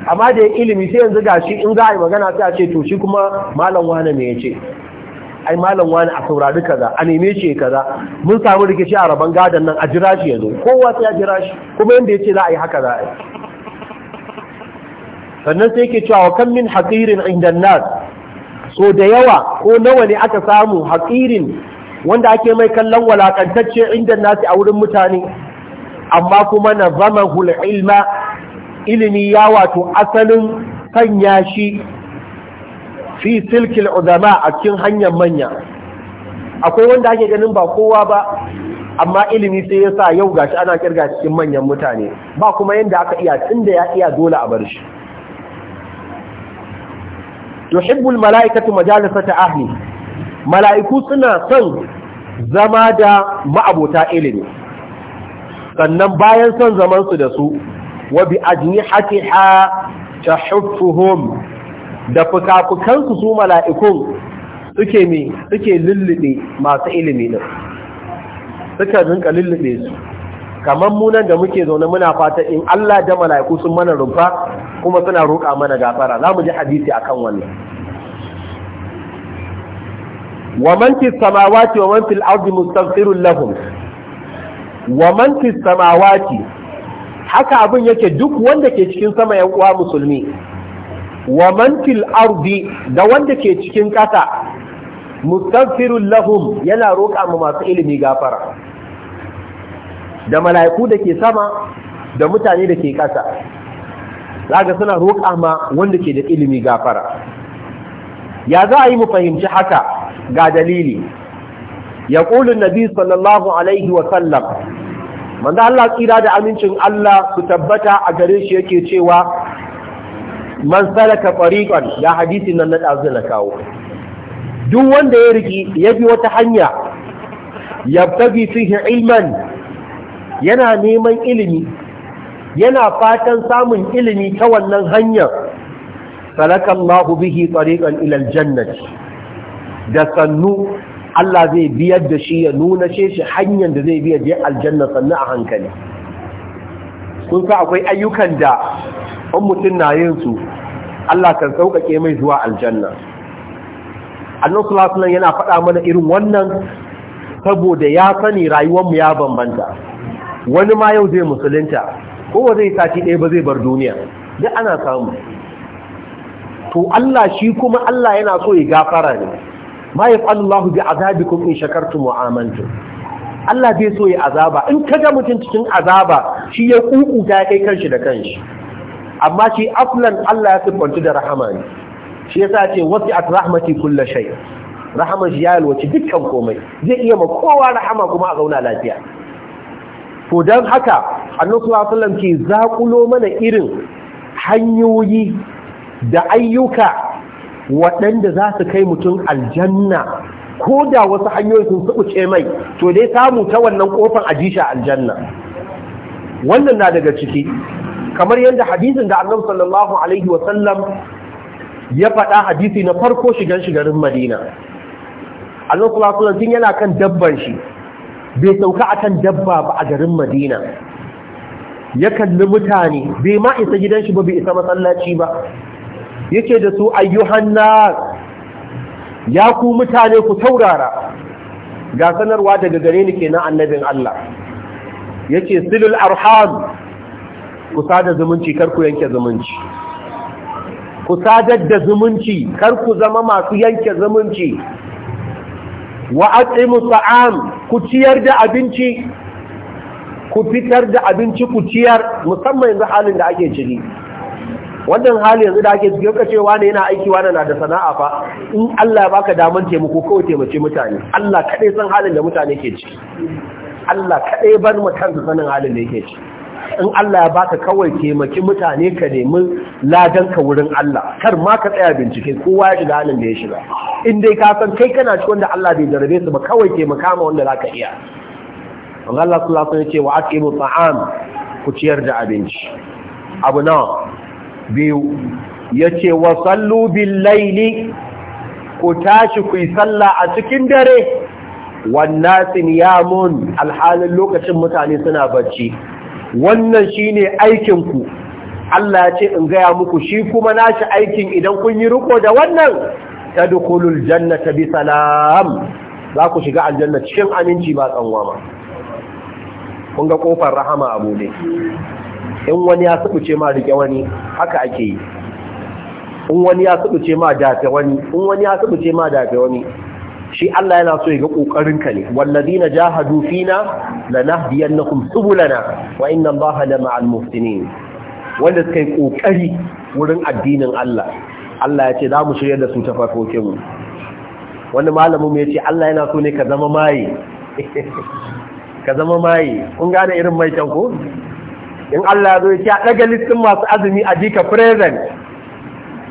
amma da ilimi sai yanzu gashi in za a yi magana sai a ce to shi kuma malam wane me ce, ai malam wani a saurari kaza a neme shi kaza mun samu rikici a rabon gadon nan a jira shi yanzu kowa sai ya jira shi kuma yanda ce za a yi haka za a yi sannan sai yake cewa kan min haqirin inda nas so da yawa ko nawa ne aka samu haqirin wanda ake mai kallon walakantacce inda nas a wurin mutane amma kuma na zama ilma ilimi ya wato asalin sanya shi fi silkil udama a cikin hanyar manya akwai wanda ake ganin ba kowa ba amma ilimi sai ya sa yau gashi ana kirga cikin manyan mutane ba kuma yadda aka iya tunda da ya iya dole a bar shi yuhibbul mala'ikatu majalisata ahli mala'iku suna son zama da ma'abota ilimi sannan bayan son zaman su da su wa bi ajnihatiha tahuffuhum da fukafukan su su mala'ikun suke me suke lullube masu ilimi din suka rinka lulluɗe su kamar munan da muke zaune muna fata in Allah da mala'iku sun mana rumfa kuma suna roƙa mana gafara za mu ji hadisi akan wannan wa man samawati wa ardi mustaghfirun lahum wa samawati haka abin yake duk wanda ke cikin sama yan uwa musulmi wa ardi da wanda ke cikin ƙasa mustaghfirun lahum yana roƙa mu masu ilimi gafara da mala'iku da ke sama da mutane da ke ƙasa zaga suna roƙa ma wanda ke da ilimi gafara ya za a yi mu fahimci haka ga dalili ya ƙulun nabi sallallahu alaihi wasallam manda Allah tsira da amincin Allah su tabbata a gare shi yake cewa man salaka fariqan ya hadisi nan na dazu na kawo duk wanda ya riki ya bi wata hanya yabtagi fihi ilman yana neman ilimi yana fatan samun ilimi ta wannan hanyar salakallahu bihi tariqan ilal aljannati da sannu Allah zai biyar da shi ya nuna ce shi hanyar da zai biyar je aljanna sannu a hankali kun sa akwai ayyukan da in mutum na yin su Allah kan sauƙaƙe mai zuwa aljanna annan sulasunan yana faɗa mana irin wannan saboda ya sani mu ya bambanta wani ma yau zai musulunta kowa zai sati ɗaya ba zai bar duniya duk ana samu to Allah shi kuma Allah yana so ya gafara ne ma yaf'alullahu bi azabikum in shakartu mu'amantu Allah bai so ya azaba in kaga mutum cikin azaba shi ya ya kai kanshi da kanshi amma shi aflan Allah ya sifanci da rahama ne shi sa ce at rahmati kulle shai, rahama shi ya yalwaci dukkan komai zai iya ma kowa rahama kuma a zauna lafiya to don haka annabi ke zakulo mana irin hanyoyi da ayyuka waɗanda za su kai mutum aljanna ko da wasu hanyoyi sun suɓuce mai to dai samu ta wannan ƙofar ajisha aljanna wannan na daga ciki kamar yadda hadisin da annabu sallallahu alaihi wasallam ya faɗa hadisi na farko shigan shigarin madina allah sallallahu alaihi yana kan dabban shi bai sauka a kan dabba ba a garin madina ya kalli mutane bai ma isa gidan shi ba bai isa masallaci ba yake da su ayyuhan ya ku mutane ku taurara ga sanarwa daga gare ni ke na annabin Allah yace silul arham ku sada zumunci kar yanke zumunci ku sadar da zumunci kar ku zama masu yanke zumunci wa at'imu sa'am ku ciyar da abinci ku fitar da abinci ku ciyar musamman yanzu halin da ake ciki wannan hali yanzu da ake ciki ka ce wane yana aiki wani na da sana'a fa in Allah ya baka daman taimako kawai taimace mutane Allah kadai san halin da mutane ke ciki Allah kadai bar mutan sanin halin da yake ciki in Allah ya baka kawai taimaki mutane ka nemi ladan ka wurin Allah kar ma ka tsaya bincike kowa ya shiga halin da ya shiga in dai ka san kai kana cikin wanda Allah bai jarabe su ba kawai taimaka ma wanda zaka iya Allah sallallahu alaihi wasallam ya ce wa aqimu ta'am ku ciyar da abinci abu nawa biyu yace wa sallu bil laili ku tashi ku yi sallah a cikin dare wannan sin yamun alhalin lokacin mutane suna bacci wannan shine aikin ku Allah ya ce in gaya muku shi kuma nashi aikin idan kun yi riko da wannan tadkhulul jannata bi salam za ku shiga aljanna cikin aminci ba tsanwa ma kun ga kofar rahama a bude in wani ya ce ma rike wani haka ake yi in wani ya subuce ma dafe wani in wani ya ma dafe wani shi Allah yana so ya ga kokarin ka ne walladina jahadu fina lanahdiyannakum subulana wa inna Allaha ma'al muhsinin wanda suka yi kokari wurin addinin Allah Allah ya ce za mu shirya da su ta wanda wani malamin mu ya ce Allah yana so ne ka zama maye ka zama mai kun gane irin mai can ko in Allah ya zo ya ce a daga listin masu azumi a jika present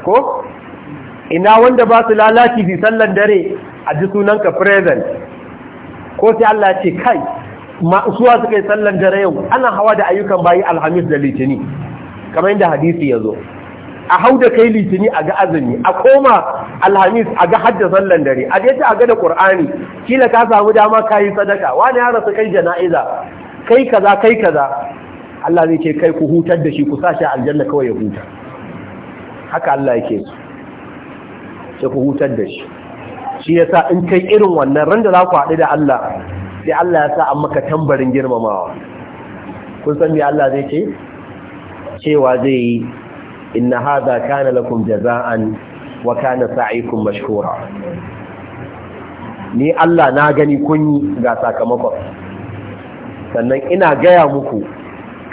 ko ina wanda ba su lalaci fi sallan dare a ji sunanka present ko sai Allah ce kai suwa suka yi sallan dare yau ana hawa da ayyukan bayi alhamis da litini kamar yadda hadisi ya zo a hau da kai litini a ga azumi a koma alhamis a ga hajja sallan dare a daita a ga da ƙur'ani kila ka samu dama ka yi sadaka wani ya rasu kai jana'iza kai kaza kai kaza Allah zai ce kai ku hutar da shi ku sa shi aljanna kawai ya huta haka Allah yake so ya ku hutar da shi shi ya sa in kai irin wannan randa za ku haɗu da Allah sai Allah ya sa an maka tambarin girmamawa kun san me Allah zai ce cewa zai yi inna haza kana lakum jaza'an wa kana sa'ikum mashkura ni Allah na gani kun yi ga sakamakon sannan ina gaya muku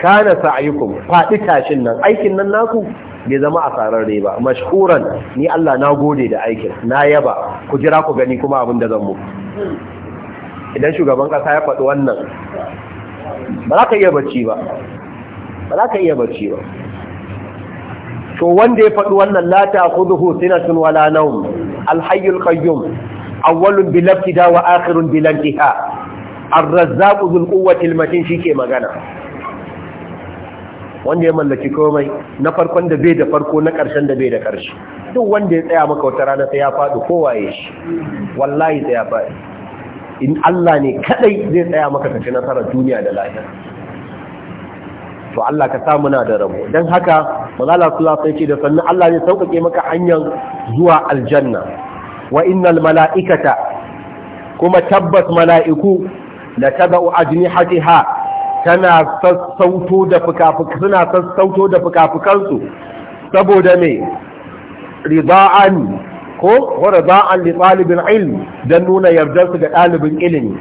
kana sa'ikum faɗi tashin nan aikin nan naku bai zama a asararre ba mashkuran ni Allah na gode da aikin na yaba ku jira ku gani kuma abin da zan mu idan shugaban kasa ya faɗi wannan ba za ka iya bacci ba ba za ka iya bacci ba to wanda ya faɗi wannan la ta'khudhuhu sinatun wala nawm alhayyul hayyul qayyum awwalun bil ibtida wa akhirun bil intiha ar-razzaqu dhul quwwati al-matin magana wanda ya mallaki komai na farkon da bai da farko na ƙarshen da bai da ƙarshe duk wanda ya tsaya maka wata rana sai ya faɗi kowa shi wallahi sai ya faɗi in Allah ne kadai zai tsaya maka ka ci nasarar duniya da lafiya to Allah ka sa muna da rabo dan haka manala sai ce da sannu, Allah ne sauƙaƙe maka hanyar zuwa aljanna wa innal mala'ikata kuma tabbas mala'iku la tada'u ajnihatiha tana sassauto da suna sassauto da fukafukansu saboda mai rida'an ko rida'an li talibin ilmi dan nuna yardarsu ga ɗalibin ilimi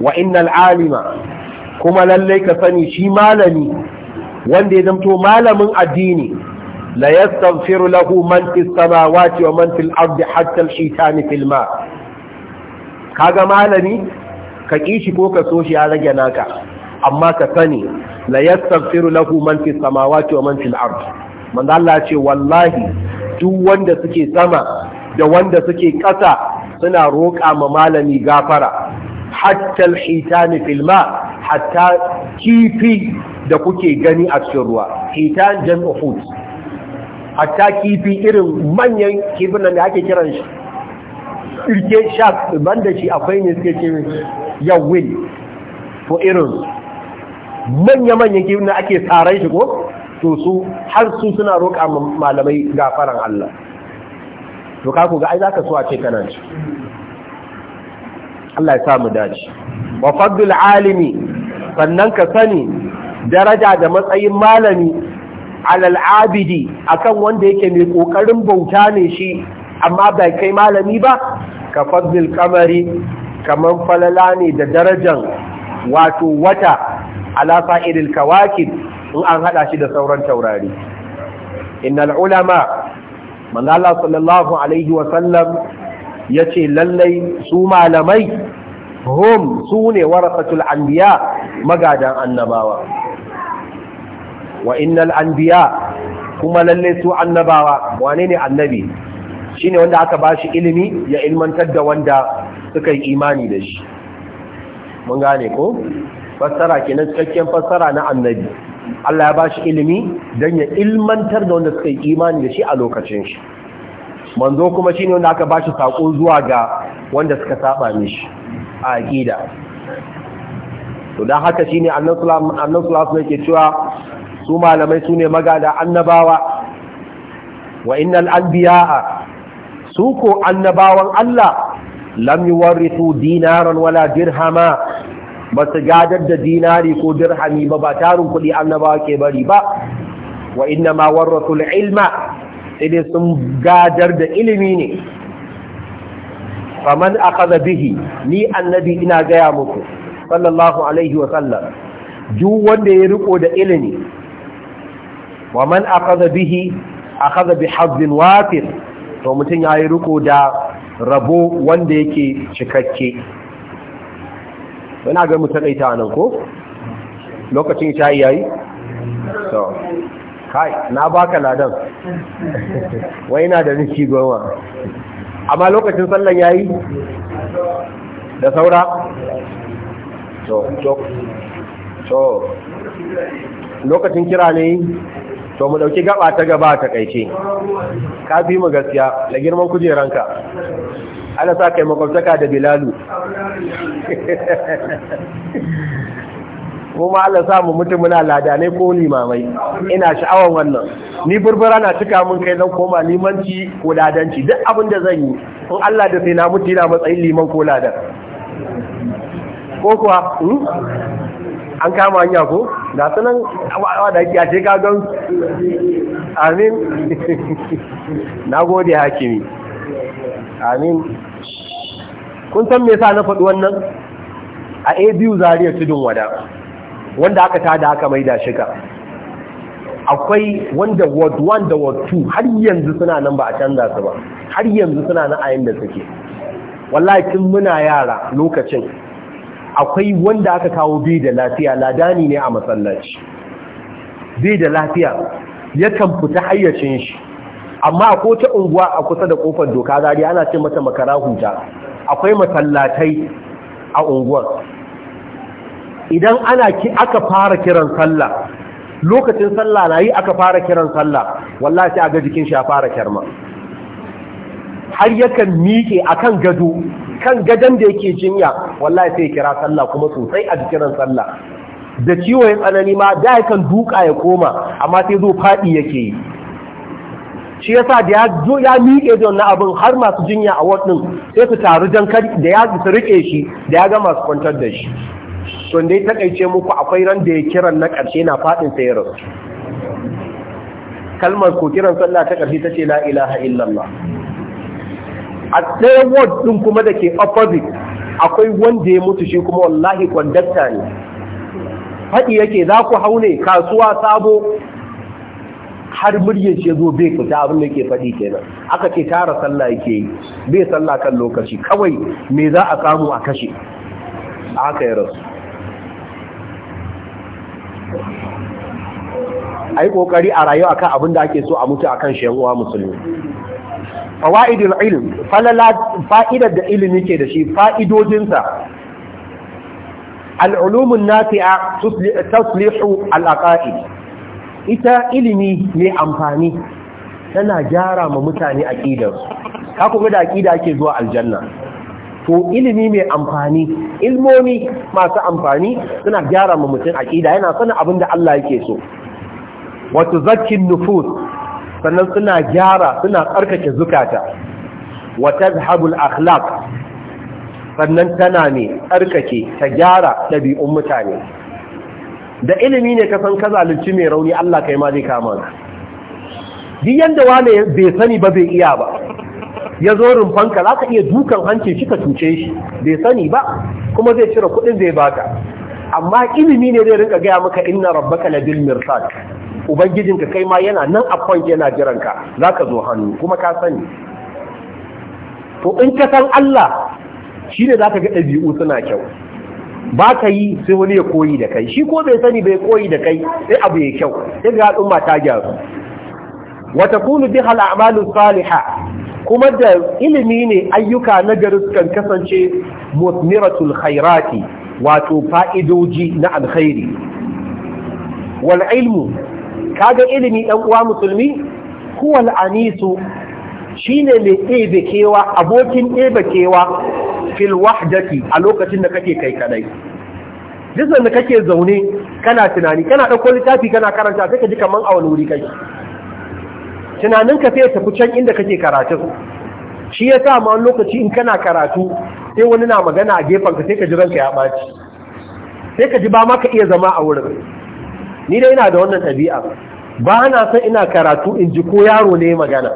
wa innal alima kuma lallai ka sani shi malami wanda ya zamto malamin addini la yastaghfiru lahu man fis samawati wa man fil ardi hatta al-shaytan fil ma kaga malami ka ƙi shi ko ka so shi ya rage naka amma ka sani la yastaghfiru lahu man fi samawati wa man fil ard manzo Allah ce wallahi duk wanda suke sama da wanda suke ƙasa suna roƙa ma malami gafara hatta al-hitan fil ma hatta kifi da kuke gani a cikin ruwa hitan jam'u hut hatta kifi irin manyan kifin da ake kiran shi tsirke shark banda shi akwai ne suke ce yawin to irin manya-manyan ke wuna ake tsarai shi ko to su har su suna roƙa malamai gafaran Allah to ka ku ga ai zaka so a ce kana shi? Allah ya sa mu dace wa fadlul alimi sannan ka sani daraja da matsayin malami alal abidi akan wanda yake mai kokarin bauta ne shi amma bai kai malami ba ka fadlil kamari falala ne da darajan wato wata ala irin kawakin in an hada shi da sauran taurari innal ulama manzo sallallahu alaihi Wasallam ya ce, lallai su malamai hum sune warasatul anbiya magadan annabawa wa innal anbiya kuma lallai su annabawa wane ne annabi shine wanda aka ba shi ilimi ya ilmantar da wanda suka yi imani da shi mun gane ko fassara kenan cikakken fassara na annabi Allah ya ba shi ilimi don ya ilmantar da wanda suka yi imani da shi a lokacin shi manzo kuma shine wanda aka ba shi sako zuwa ga wanda suka saba mishi a gida. to don haka shine ne annan alaihi wasallam ke cewa su malamai sune magada annabawa wa innal anbiya'a su ko annabawan Allah lam yuwarrithu dinaran wala dirhama ba su gadar da dinari ko dirhami ba ba tarin kuɗi annabawa ke bari ba wa inna ma warratul ilma sai sun gadar da ilimi ne faman akhadha bihi ni annabi ina gaya muku sallallahu alaihi wa duk wanda ya riko da ilimi wa man akhadha bihi akhadha bi hazzin wafir to mutum ya yi riko da rabo wanda yake cikakke ina ga mu taƙaita nan ko lokacin shayi yayi so kai na baka ladan wai na da niki goma amma lokacin sallan yayi da saura to to to lokacin kira ne to mu dauki gaba ta gaba ta kaice ka fi mu gaskiya da girman kujeranka ana sa kai makwabtaka da bilalu kuma Allah sa mu mutum muna ne ko limamai ina sha'awan wannan ni burbura na cika mun kai zan koma limanci ko ladanci duk abin da zan yi in Allah da sai na mutu ina matsayin liman ko ladan ko kuwa hmm? an kama hanya ko da sanan awa da ake ashe kagan amin na gode hakimi amin kun san me yasa na faɗi wannan a a biyu zariya tudun wada wanda aka tada aka maida shika akwai wanda ward 1 da ward 2 har yanzu suna nan ba a canza su ba har yanzu suna nan a yanda suke wallahi tun muna yara lokacin akwai wanda aka kawo bai da lafiya ladani ne a masallaci bai da lafiya yakan fita hayyacin shi amma a ta unguwa a kusa da kofar doka zari ana ce mata makara huta akwai masallatai a unguwar idan ana ki aka fara kiran sallah lokacin sallah na yi aka fara kiran sallah wallahi a ga jikin shi a fara kyarma har yakan miƙe kan gado kan gadon da yake jinya wallahi sai kira sallah kuma sosai a jikinan sallah da ciwo ya tsanani ma da yakan duka ya koma amma sai zo faɗi yake yi shi ya sa da ya miƙe da wannan abin har masu jinya a wadin sai su taru don kari da ya su rike shi da ya ga masu kwantar da shi to dai takaice muku akwai ran da ya kiran na ƙarshe na faɗin sai rasu kalmar ko kiran sallah ta ƙarshe tace la ilaha illallah a ɗaya ward ɗin kuma da ke opposite akwai wanda ya mutu shi kuma wallahi kwandakta ne faɗi yake za ku hau ne kasuwa sabo har muryar ce zo bai fita abin da ke faɗi kenan aka ce tara sallah yake yi bai sallah kan lokaci kawai me za a samu a kashe a haka ya rasu a yi ƙoƙari a rayu kan abin da ake so a mutu akan shi uwa musulmi fawaidul ilm fa'idar da ilimi ke da shi fa'idojinsa al'ulumun nafi'a taslihu al'aqa'id ita ilimi mai amfani tana gyara ma mutane aqidarsu ka kuma da aqida ake zuwa aljanna to ilimi mai amfani ilmomi masu amfani suna gyara ma mutum aqida yana sanin abin da Allah yake so wato zakkin nufus sannan suna gyara suna tsarkake zukata wa tazhabul akhlaq sannan tana ne tsarkake ta gyara ɗabi'un mutane da ilimi ne kasan san ka zalunci mai rauni Allah kai ma zai kama ka duk yanda wane bai sani ba bai iya ba ya zo ka za ka iya dukan hanci shi ka cuce shi bai sani ba kuma zai cire kuɗin zai baka amma ilimi ne zai rinka gaya maka inna rabbaka labil mirsad ubangijinka kai ma yana nan a point yana jiranka za ka zo hannu kuma ka sani to in ka san Allah shi ne za ka ga ɗabi'u suna kyau ba ka yi sai wani ya koyi da kai shi ko bai sani bai koyi da kai sai abu ya kyau sai ga al'umma ta gyaru wata kunu biha Amalu salihah kuma da ilimi ne ayyuka na gari kan kasance musmiratul khairati wato fa'idoji na alkhairi wal ilmu kaga ilimi ɗan uwa musulmi huwal anisu shine mai ɗebe kewa abokin ɗebe kewa fil wahdati a lokacin da kake kai kadai duk da kake zaune kana tunani kana ɗauko littafi kana karanta sai ka ji kaman a wani wuri kai tunanin ka sai tafi can inda kake karatu shi ya sa ma lokaci in kana karatu sai wani na magana a gefen ka sai ka ji ranka ya ɓaci sai ka ji ba ma ka iya zama a wurin ni dai ina da wannan tabi'a. ba na san ina karatu in ji ko yaro ne magana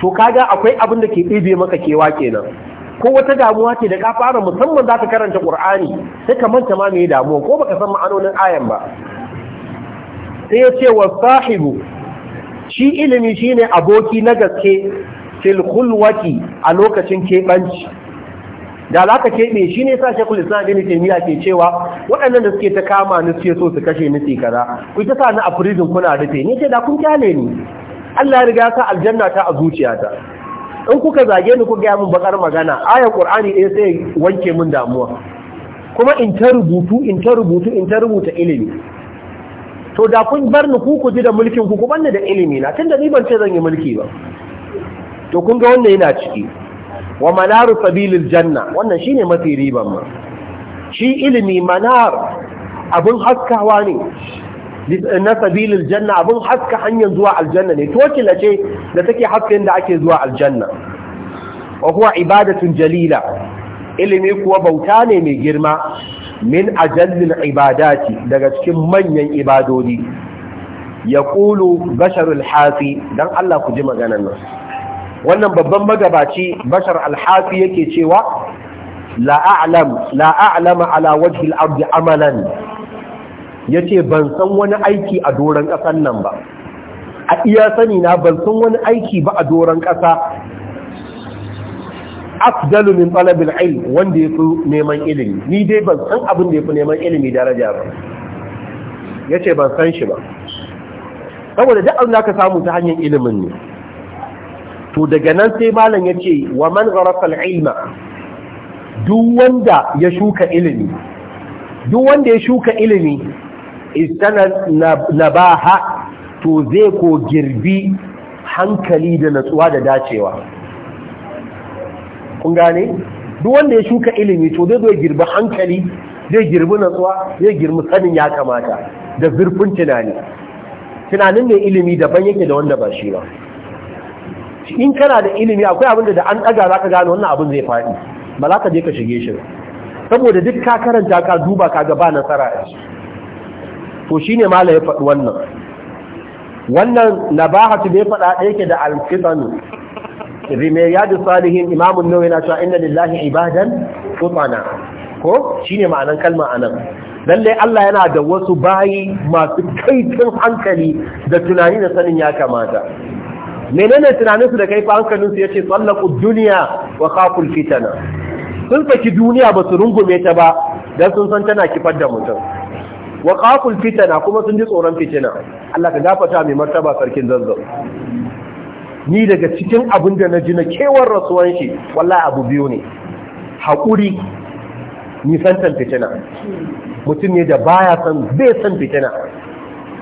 to kaga akwai abin da ke ɗebe maka kewa kenan ko wata damuwa ce da ka fara musamman za ka karanta ƙur'ani sai ka manta ma mai damuwa ko baka san ma'anonin ayan ba sai ya ce wa sahibu shi ilimi shine aboki na gaske fil a lokacin keɓanci da za ka keɓe shi ne sa shekul islam ibn taymiya ke cewa waɗannan da suke ta kama ni suke so su kashe ni sai kaza ku ta sa ni a prison kuna rufe ni ce da kun kyale ni Allah ya riga sa aljanna ta a zuciya ta. in kuka zage ni ku gaya min bakar magana ayar qur'ani ɗaya sai wanke min damuwa kuma in ta rubutu in ta rubutu in ta rubuta ilimi to da kun bar ni ku ku ji da mulkin ku ku banni da ilimi na tunda ni ban ce zan yi mulki ba to kun ga wannan yana ciki wa manaru sabilil janna wannan shine mafi riban ma shi ilimi manar abun haskawa ne na sabilil janna abun haska hanyar zuwa aljanna ne tokila ce da take hasken da ake zuwa aljanna wa huwa ibadatun jalila ilimi kuwa bauta ne mai girma min ajallil ibadati daga cikin manyan ibadodi yaqulu basharul hafi dan Allah ku ji maganar nan wannan babban magabaci bashar alhafi yake cewa la'a'lam la'a'lama ala wajhi al amalan, amalan yace ban san wani aiki a doron ƙasan nan ba a iya sani na ban san wani aiki ba a doron kasa afdalu min talabil ilm wanda yafi neman ilimi ni dai ban san abin da yafi neman ilimi daraja ba yace ban san shi ba saboda duk abin da ka samu ta hanyar ilimin ne to daga nan sai malam ya ce wa man gharasa ilma duk wanda ya shuka ilimi duk wanda ya shuka ilimi istana nabaha to zai ko girbi hankali da natsuwa da dacewa kun gane duk wanda ya shuka ilimi to zai zo girbi hankali zai girbi natsuwa zai girbi sanin ya kamata da zurfin tunani tunanin ne ilimi daban yake da wanda ba shi ba in kana da ilimi akwai abin da an ɗaga za ka gano wannan abin zai faɗi ba za ka je ka shige shi saboda duk ka karanta ka duba ka ga ba nasara a shi to shi ne ya faɗi wannan wannan nabahatu bai faɗa ɗaya ke da alfitanu rimeriyadu salihin imamun nawa yana cewa inna lillahi ibadan futana ko shi ma'anan kalma a nan lallai Allah yana da wasu bayi masu kaifin hankali da tunani da sanin ya kamata menene tunanin su da kai hankalin su yace sallaku dunya wa khaful fitana sun saki duniya ba su rungume ta ba dan sun san tana kifar da mutum wa khaful fitana kuma sun ji tsoron fitina Allah ka gafata mai martaba sarkin zazzau ni daga cikin abin da na ji na kewar rasuwan shi wallahi abu biyu ne haƙuri nisantan fitina mutum ne da baya san bai san fitina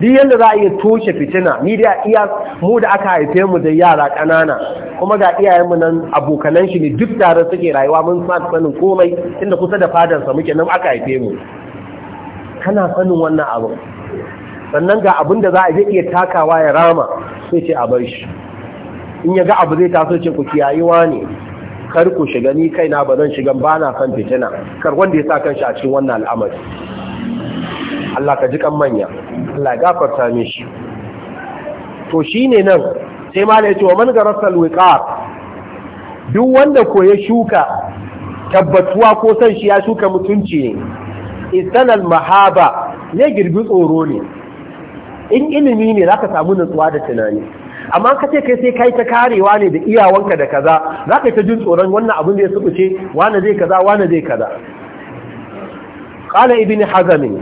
duk yadda za a iya toshe fitina ni da iya mu da aka haife mu da yara kanana kuma ga iyayenmu nan abokanan shi ne duk tare suke rayuwa mun san sanin komai inda kusa da sa muke nan aka haife mu kana sanin wannan abu sannan ga abin da za a je iya takawa ya rama sai ce a bar shi in ya ga abu zai taso ce ku kiyayewa ne kar ku shiga ni kaina ba zan shiga ba na san fitina kar wanda ya sa kanshi a cikin wannan al'amari Allah ka ji kan manya Allah gafarta mishi to shine nan sai ma ya ce wa man garasal duk wanda ko ya shuka tabbatuwa ko san shi ya shuka mutunci ne istanal mahaba ne girbi tsoro ne in ilimi ne zaka samu nutsuwa da tunani amma ka ce kai sai kai ta karewa ne da iyawanka da kaza za ka ta jin tsoron wannan abin da ya subuce wani zai kaza wani zai kaza qala ibini hazamin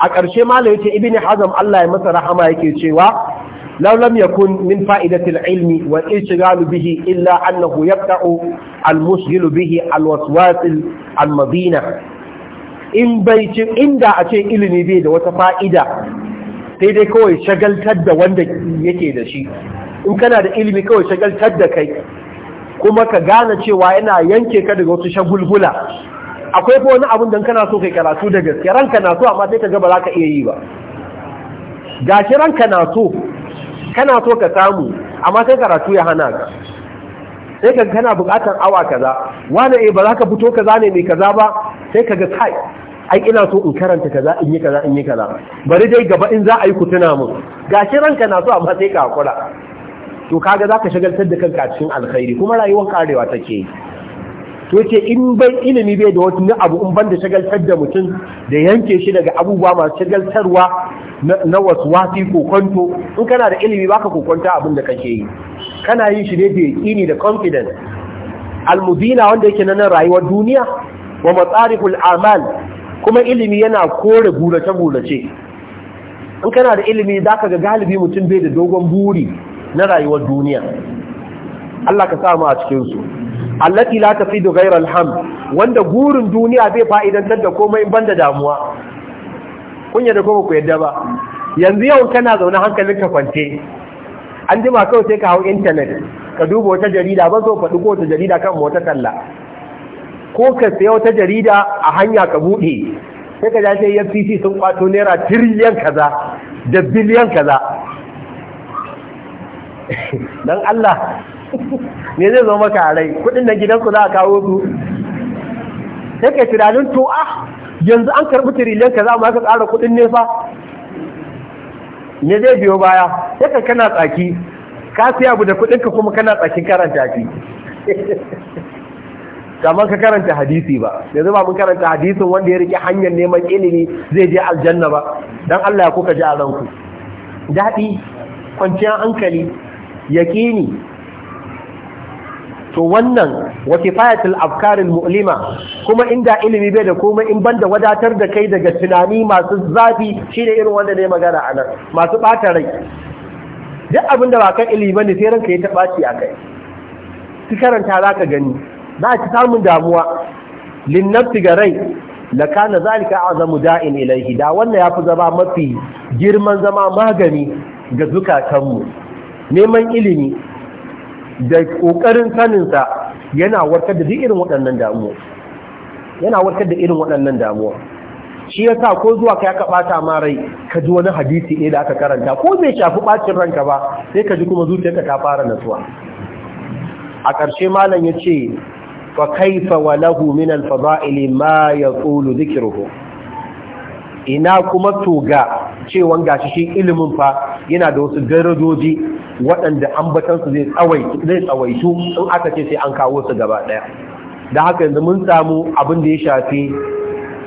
a ƙarshe malam yace ibini Hazam Allah ya masa rahama yake cewa law lam yakun min fa'idatil ilmi wa ishghalu bihi illa annahu yaqta'u al musghilu bihi al waswas al madina in bai inda a ce ilimi bai da wata fa'ida sai dai kawai shagaltar da wanda yake da shi in kana da ilimi kawai shagaltar da kai kuma ka gane cewa yana yanke ka daga wasu shagulgula akwai ko wani abin da kana so kai karatu da gaske ranka na so amma sai ka ga ba za ka iya yi ba gashi ranka na so kana so ka samu amma sai karatu ya hana ka sai ka kana bukatar awa kaza wani eh ba za ka fito kaza ne mai kaza ba sai ka ga kai ai ina so in karanta kaza in yi kaza in yi kaza bari dai gaba in za a yi kutuna mun gashi ranka na so amma sai ka hakura to kaga za ka shagaltar da kanka cikin alkhairi kuma rayuwar karewa take yi to ce in bai ilimi bai da ni abu in ban da shagaltar da mutum da yanke shi daga abubuwa masu shagaltarwa na wasu wasi kokonto in kana da ilimi baka kokonta abin da kake yi kana yin shi ne da yaƙini da confidence almudina wanda yake nan rayuwar duniya wa matsariful amal kuma ilimi yana kore gurace gurace in kana da ilimi zaka ga galibi mutum bai da dogon buri na rayuwar duniya Allah ka samu mu a cikin su allati la tafidu ghayra alham wanda gurin duniya bai fa'idantar da komai in banda damuwa kun da kuma ku yadda ba yanzu yau kana zaune hankalin ka kwance an jima kawai sai ka hau intanet ka duba wata jarida ba so faɗi ko wata jarida kan wata talla ko ka sayi wata jarida a hanya ka buɗe sai ka ja sai FCC sun kwato naira tiriliyan kaza da biliyan kaza dan Allah me zai zama maka a rai kudin nan gidanku za a kawo su sai ka tunanin to ah yanzu an karbi tiriliyan ka za mu haka tsara kudin ne fa me zai biyo baya sai ka kana tsaki ka siya abu da kudin ka kuma kana tsakin karanta shi kamar ka karanta hadisi ba yanzu ba mun karanta hadisin wanda ya rike hanyar neman ilimi zai je aljanna ba dan Allah ya kuka ji a ranku daɗi kwanciyar hankali yaƙini to wannan wa fayatul afkarin mu'lima kuma inda ilimi bai da komai in banda wadatar da kai daga tunani masu zafi shine irin wanda ne magana a nan, masu bata rai duk abin da ba kan ilimi ne sai ranka ya shi a kai. ki karanta za ka gani za ki samun damuwa lin nafsi ga rai la kana zalika azamu da'in ilayhi da wannan yafi zama mafi girman zama magani ga zukatanmu neman ilimi da ƙoƙarin saninsa yana warkar da irin waɗannan damuwa yana warkar da irin waɗannan damuwa shi ya sa ko zuwa ka ka ɓata marai ka ji wani hadisi ɗaya da aka karanta ko bai shafi ɓacin ranka ba sai ka ji kuma zuciyarka ta fara nasuwa a ƙarshe malam ya ce fa kaifa wa lahu min al-fada'il ma yaqulu dhikruhu ina kuma toga cewan gashi shi ilimin fa yana da wasu darajoji waɗanda ambatansu zai tsawaitu in aka ce sai an kawo su gaba ɗaya da haka yanzu mun samu abin da ya shafi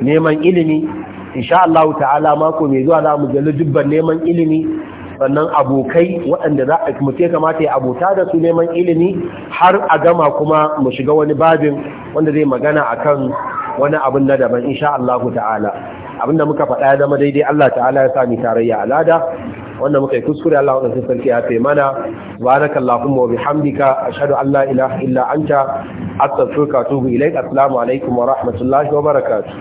neman ilimi insha Allah ta'ala mako mai zuwa za mu jalli dubban neman ilimi sannan abokai waɗanda za a mutu kamata ya abota da su neman ilimi har a gama kuma mu shiga wani babin wanda zai magana akan wani abin na daban insha Allah ta'ala abinda muka faɗa ya zama daidai Allah ta'ala ya sami tarayya alada wanda muka yi kuskure Allah wa kasu sarki ya taimana mana na Allahumma wa bihamdika ashhadu an la ilaha illa anta astaghfiruka wa atubu ilaik assalamu alaikum wa rahmatullahi wa barakatu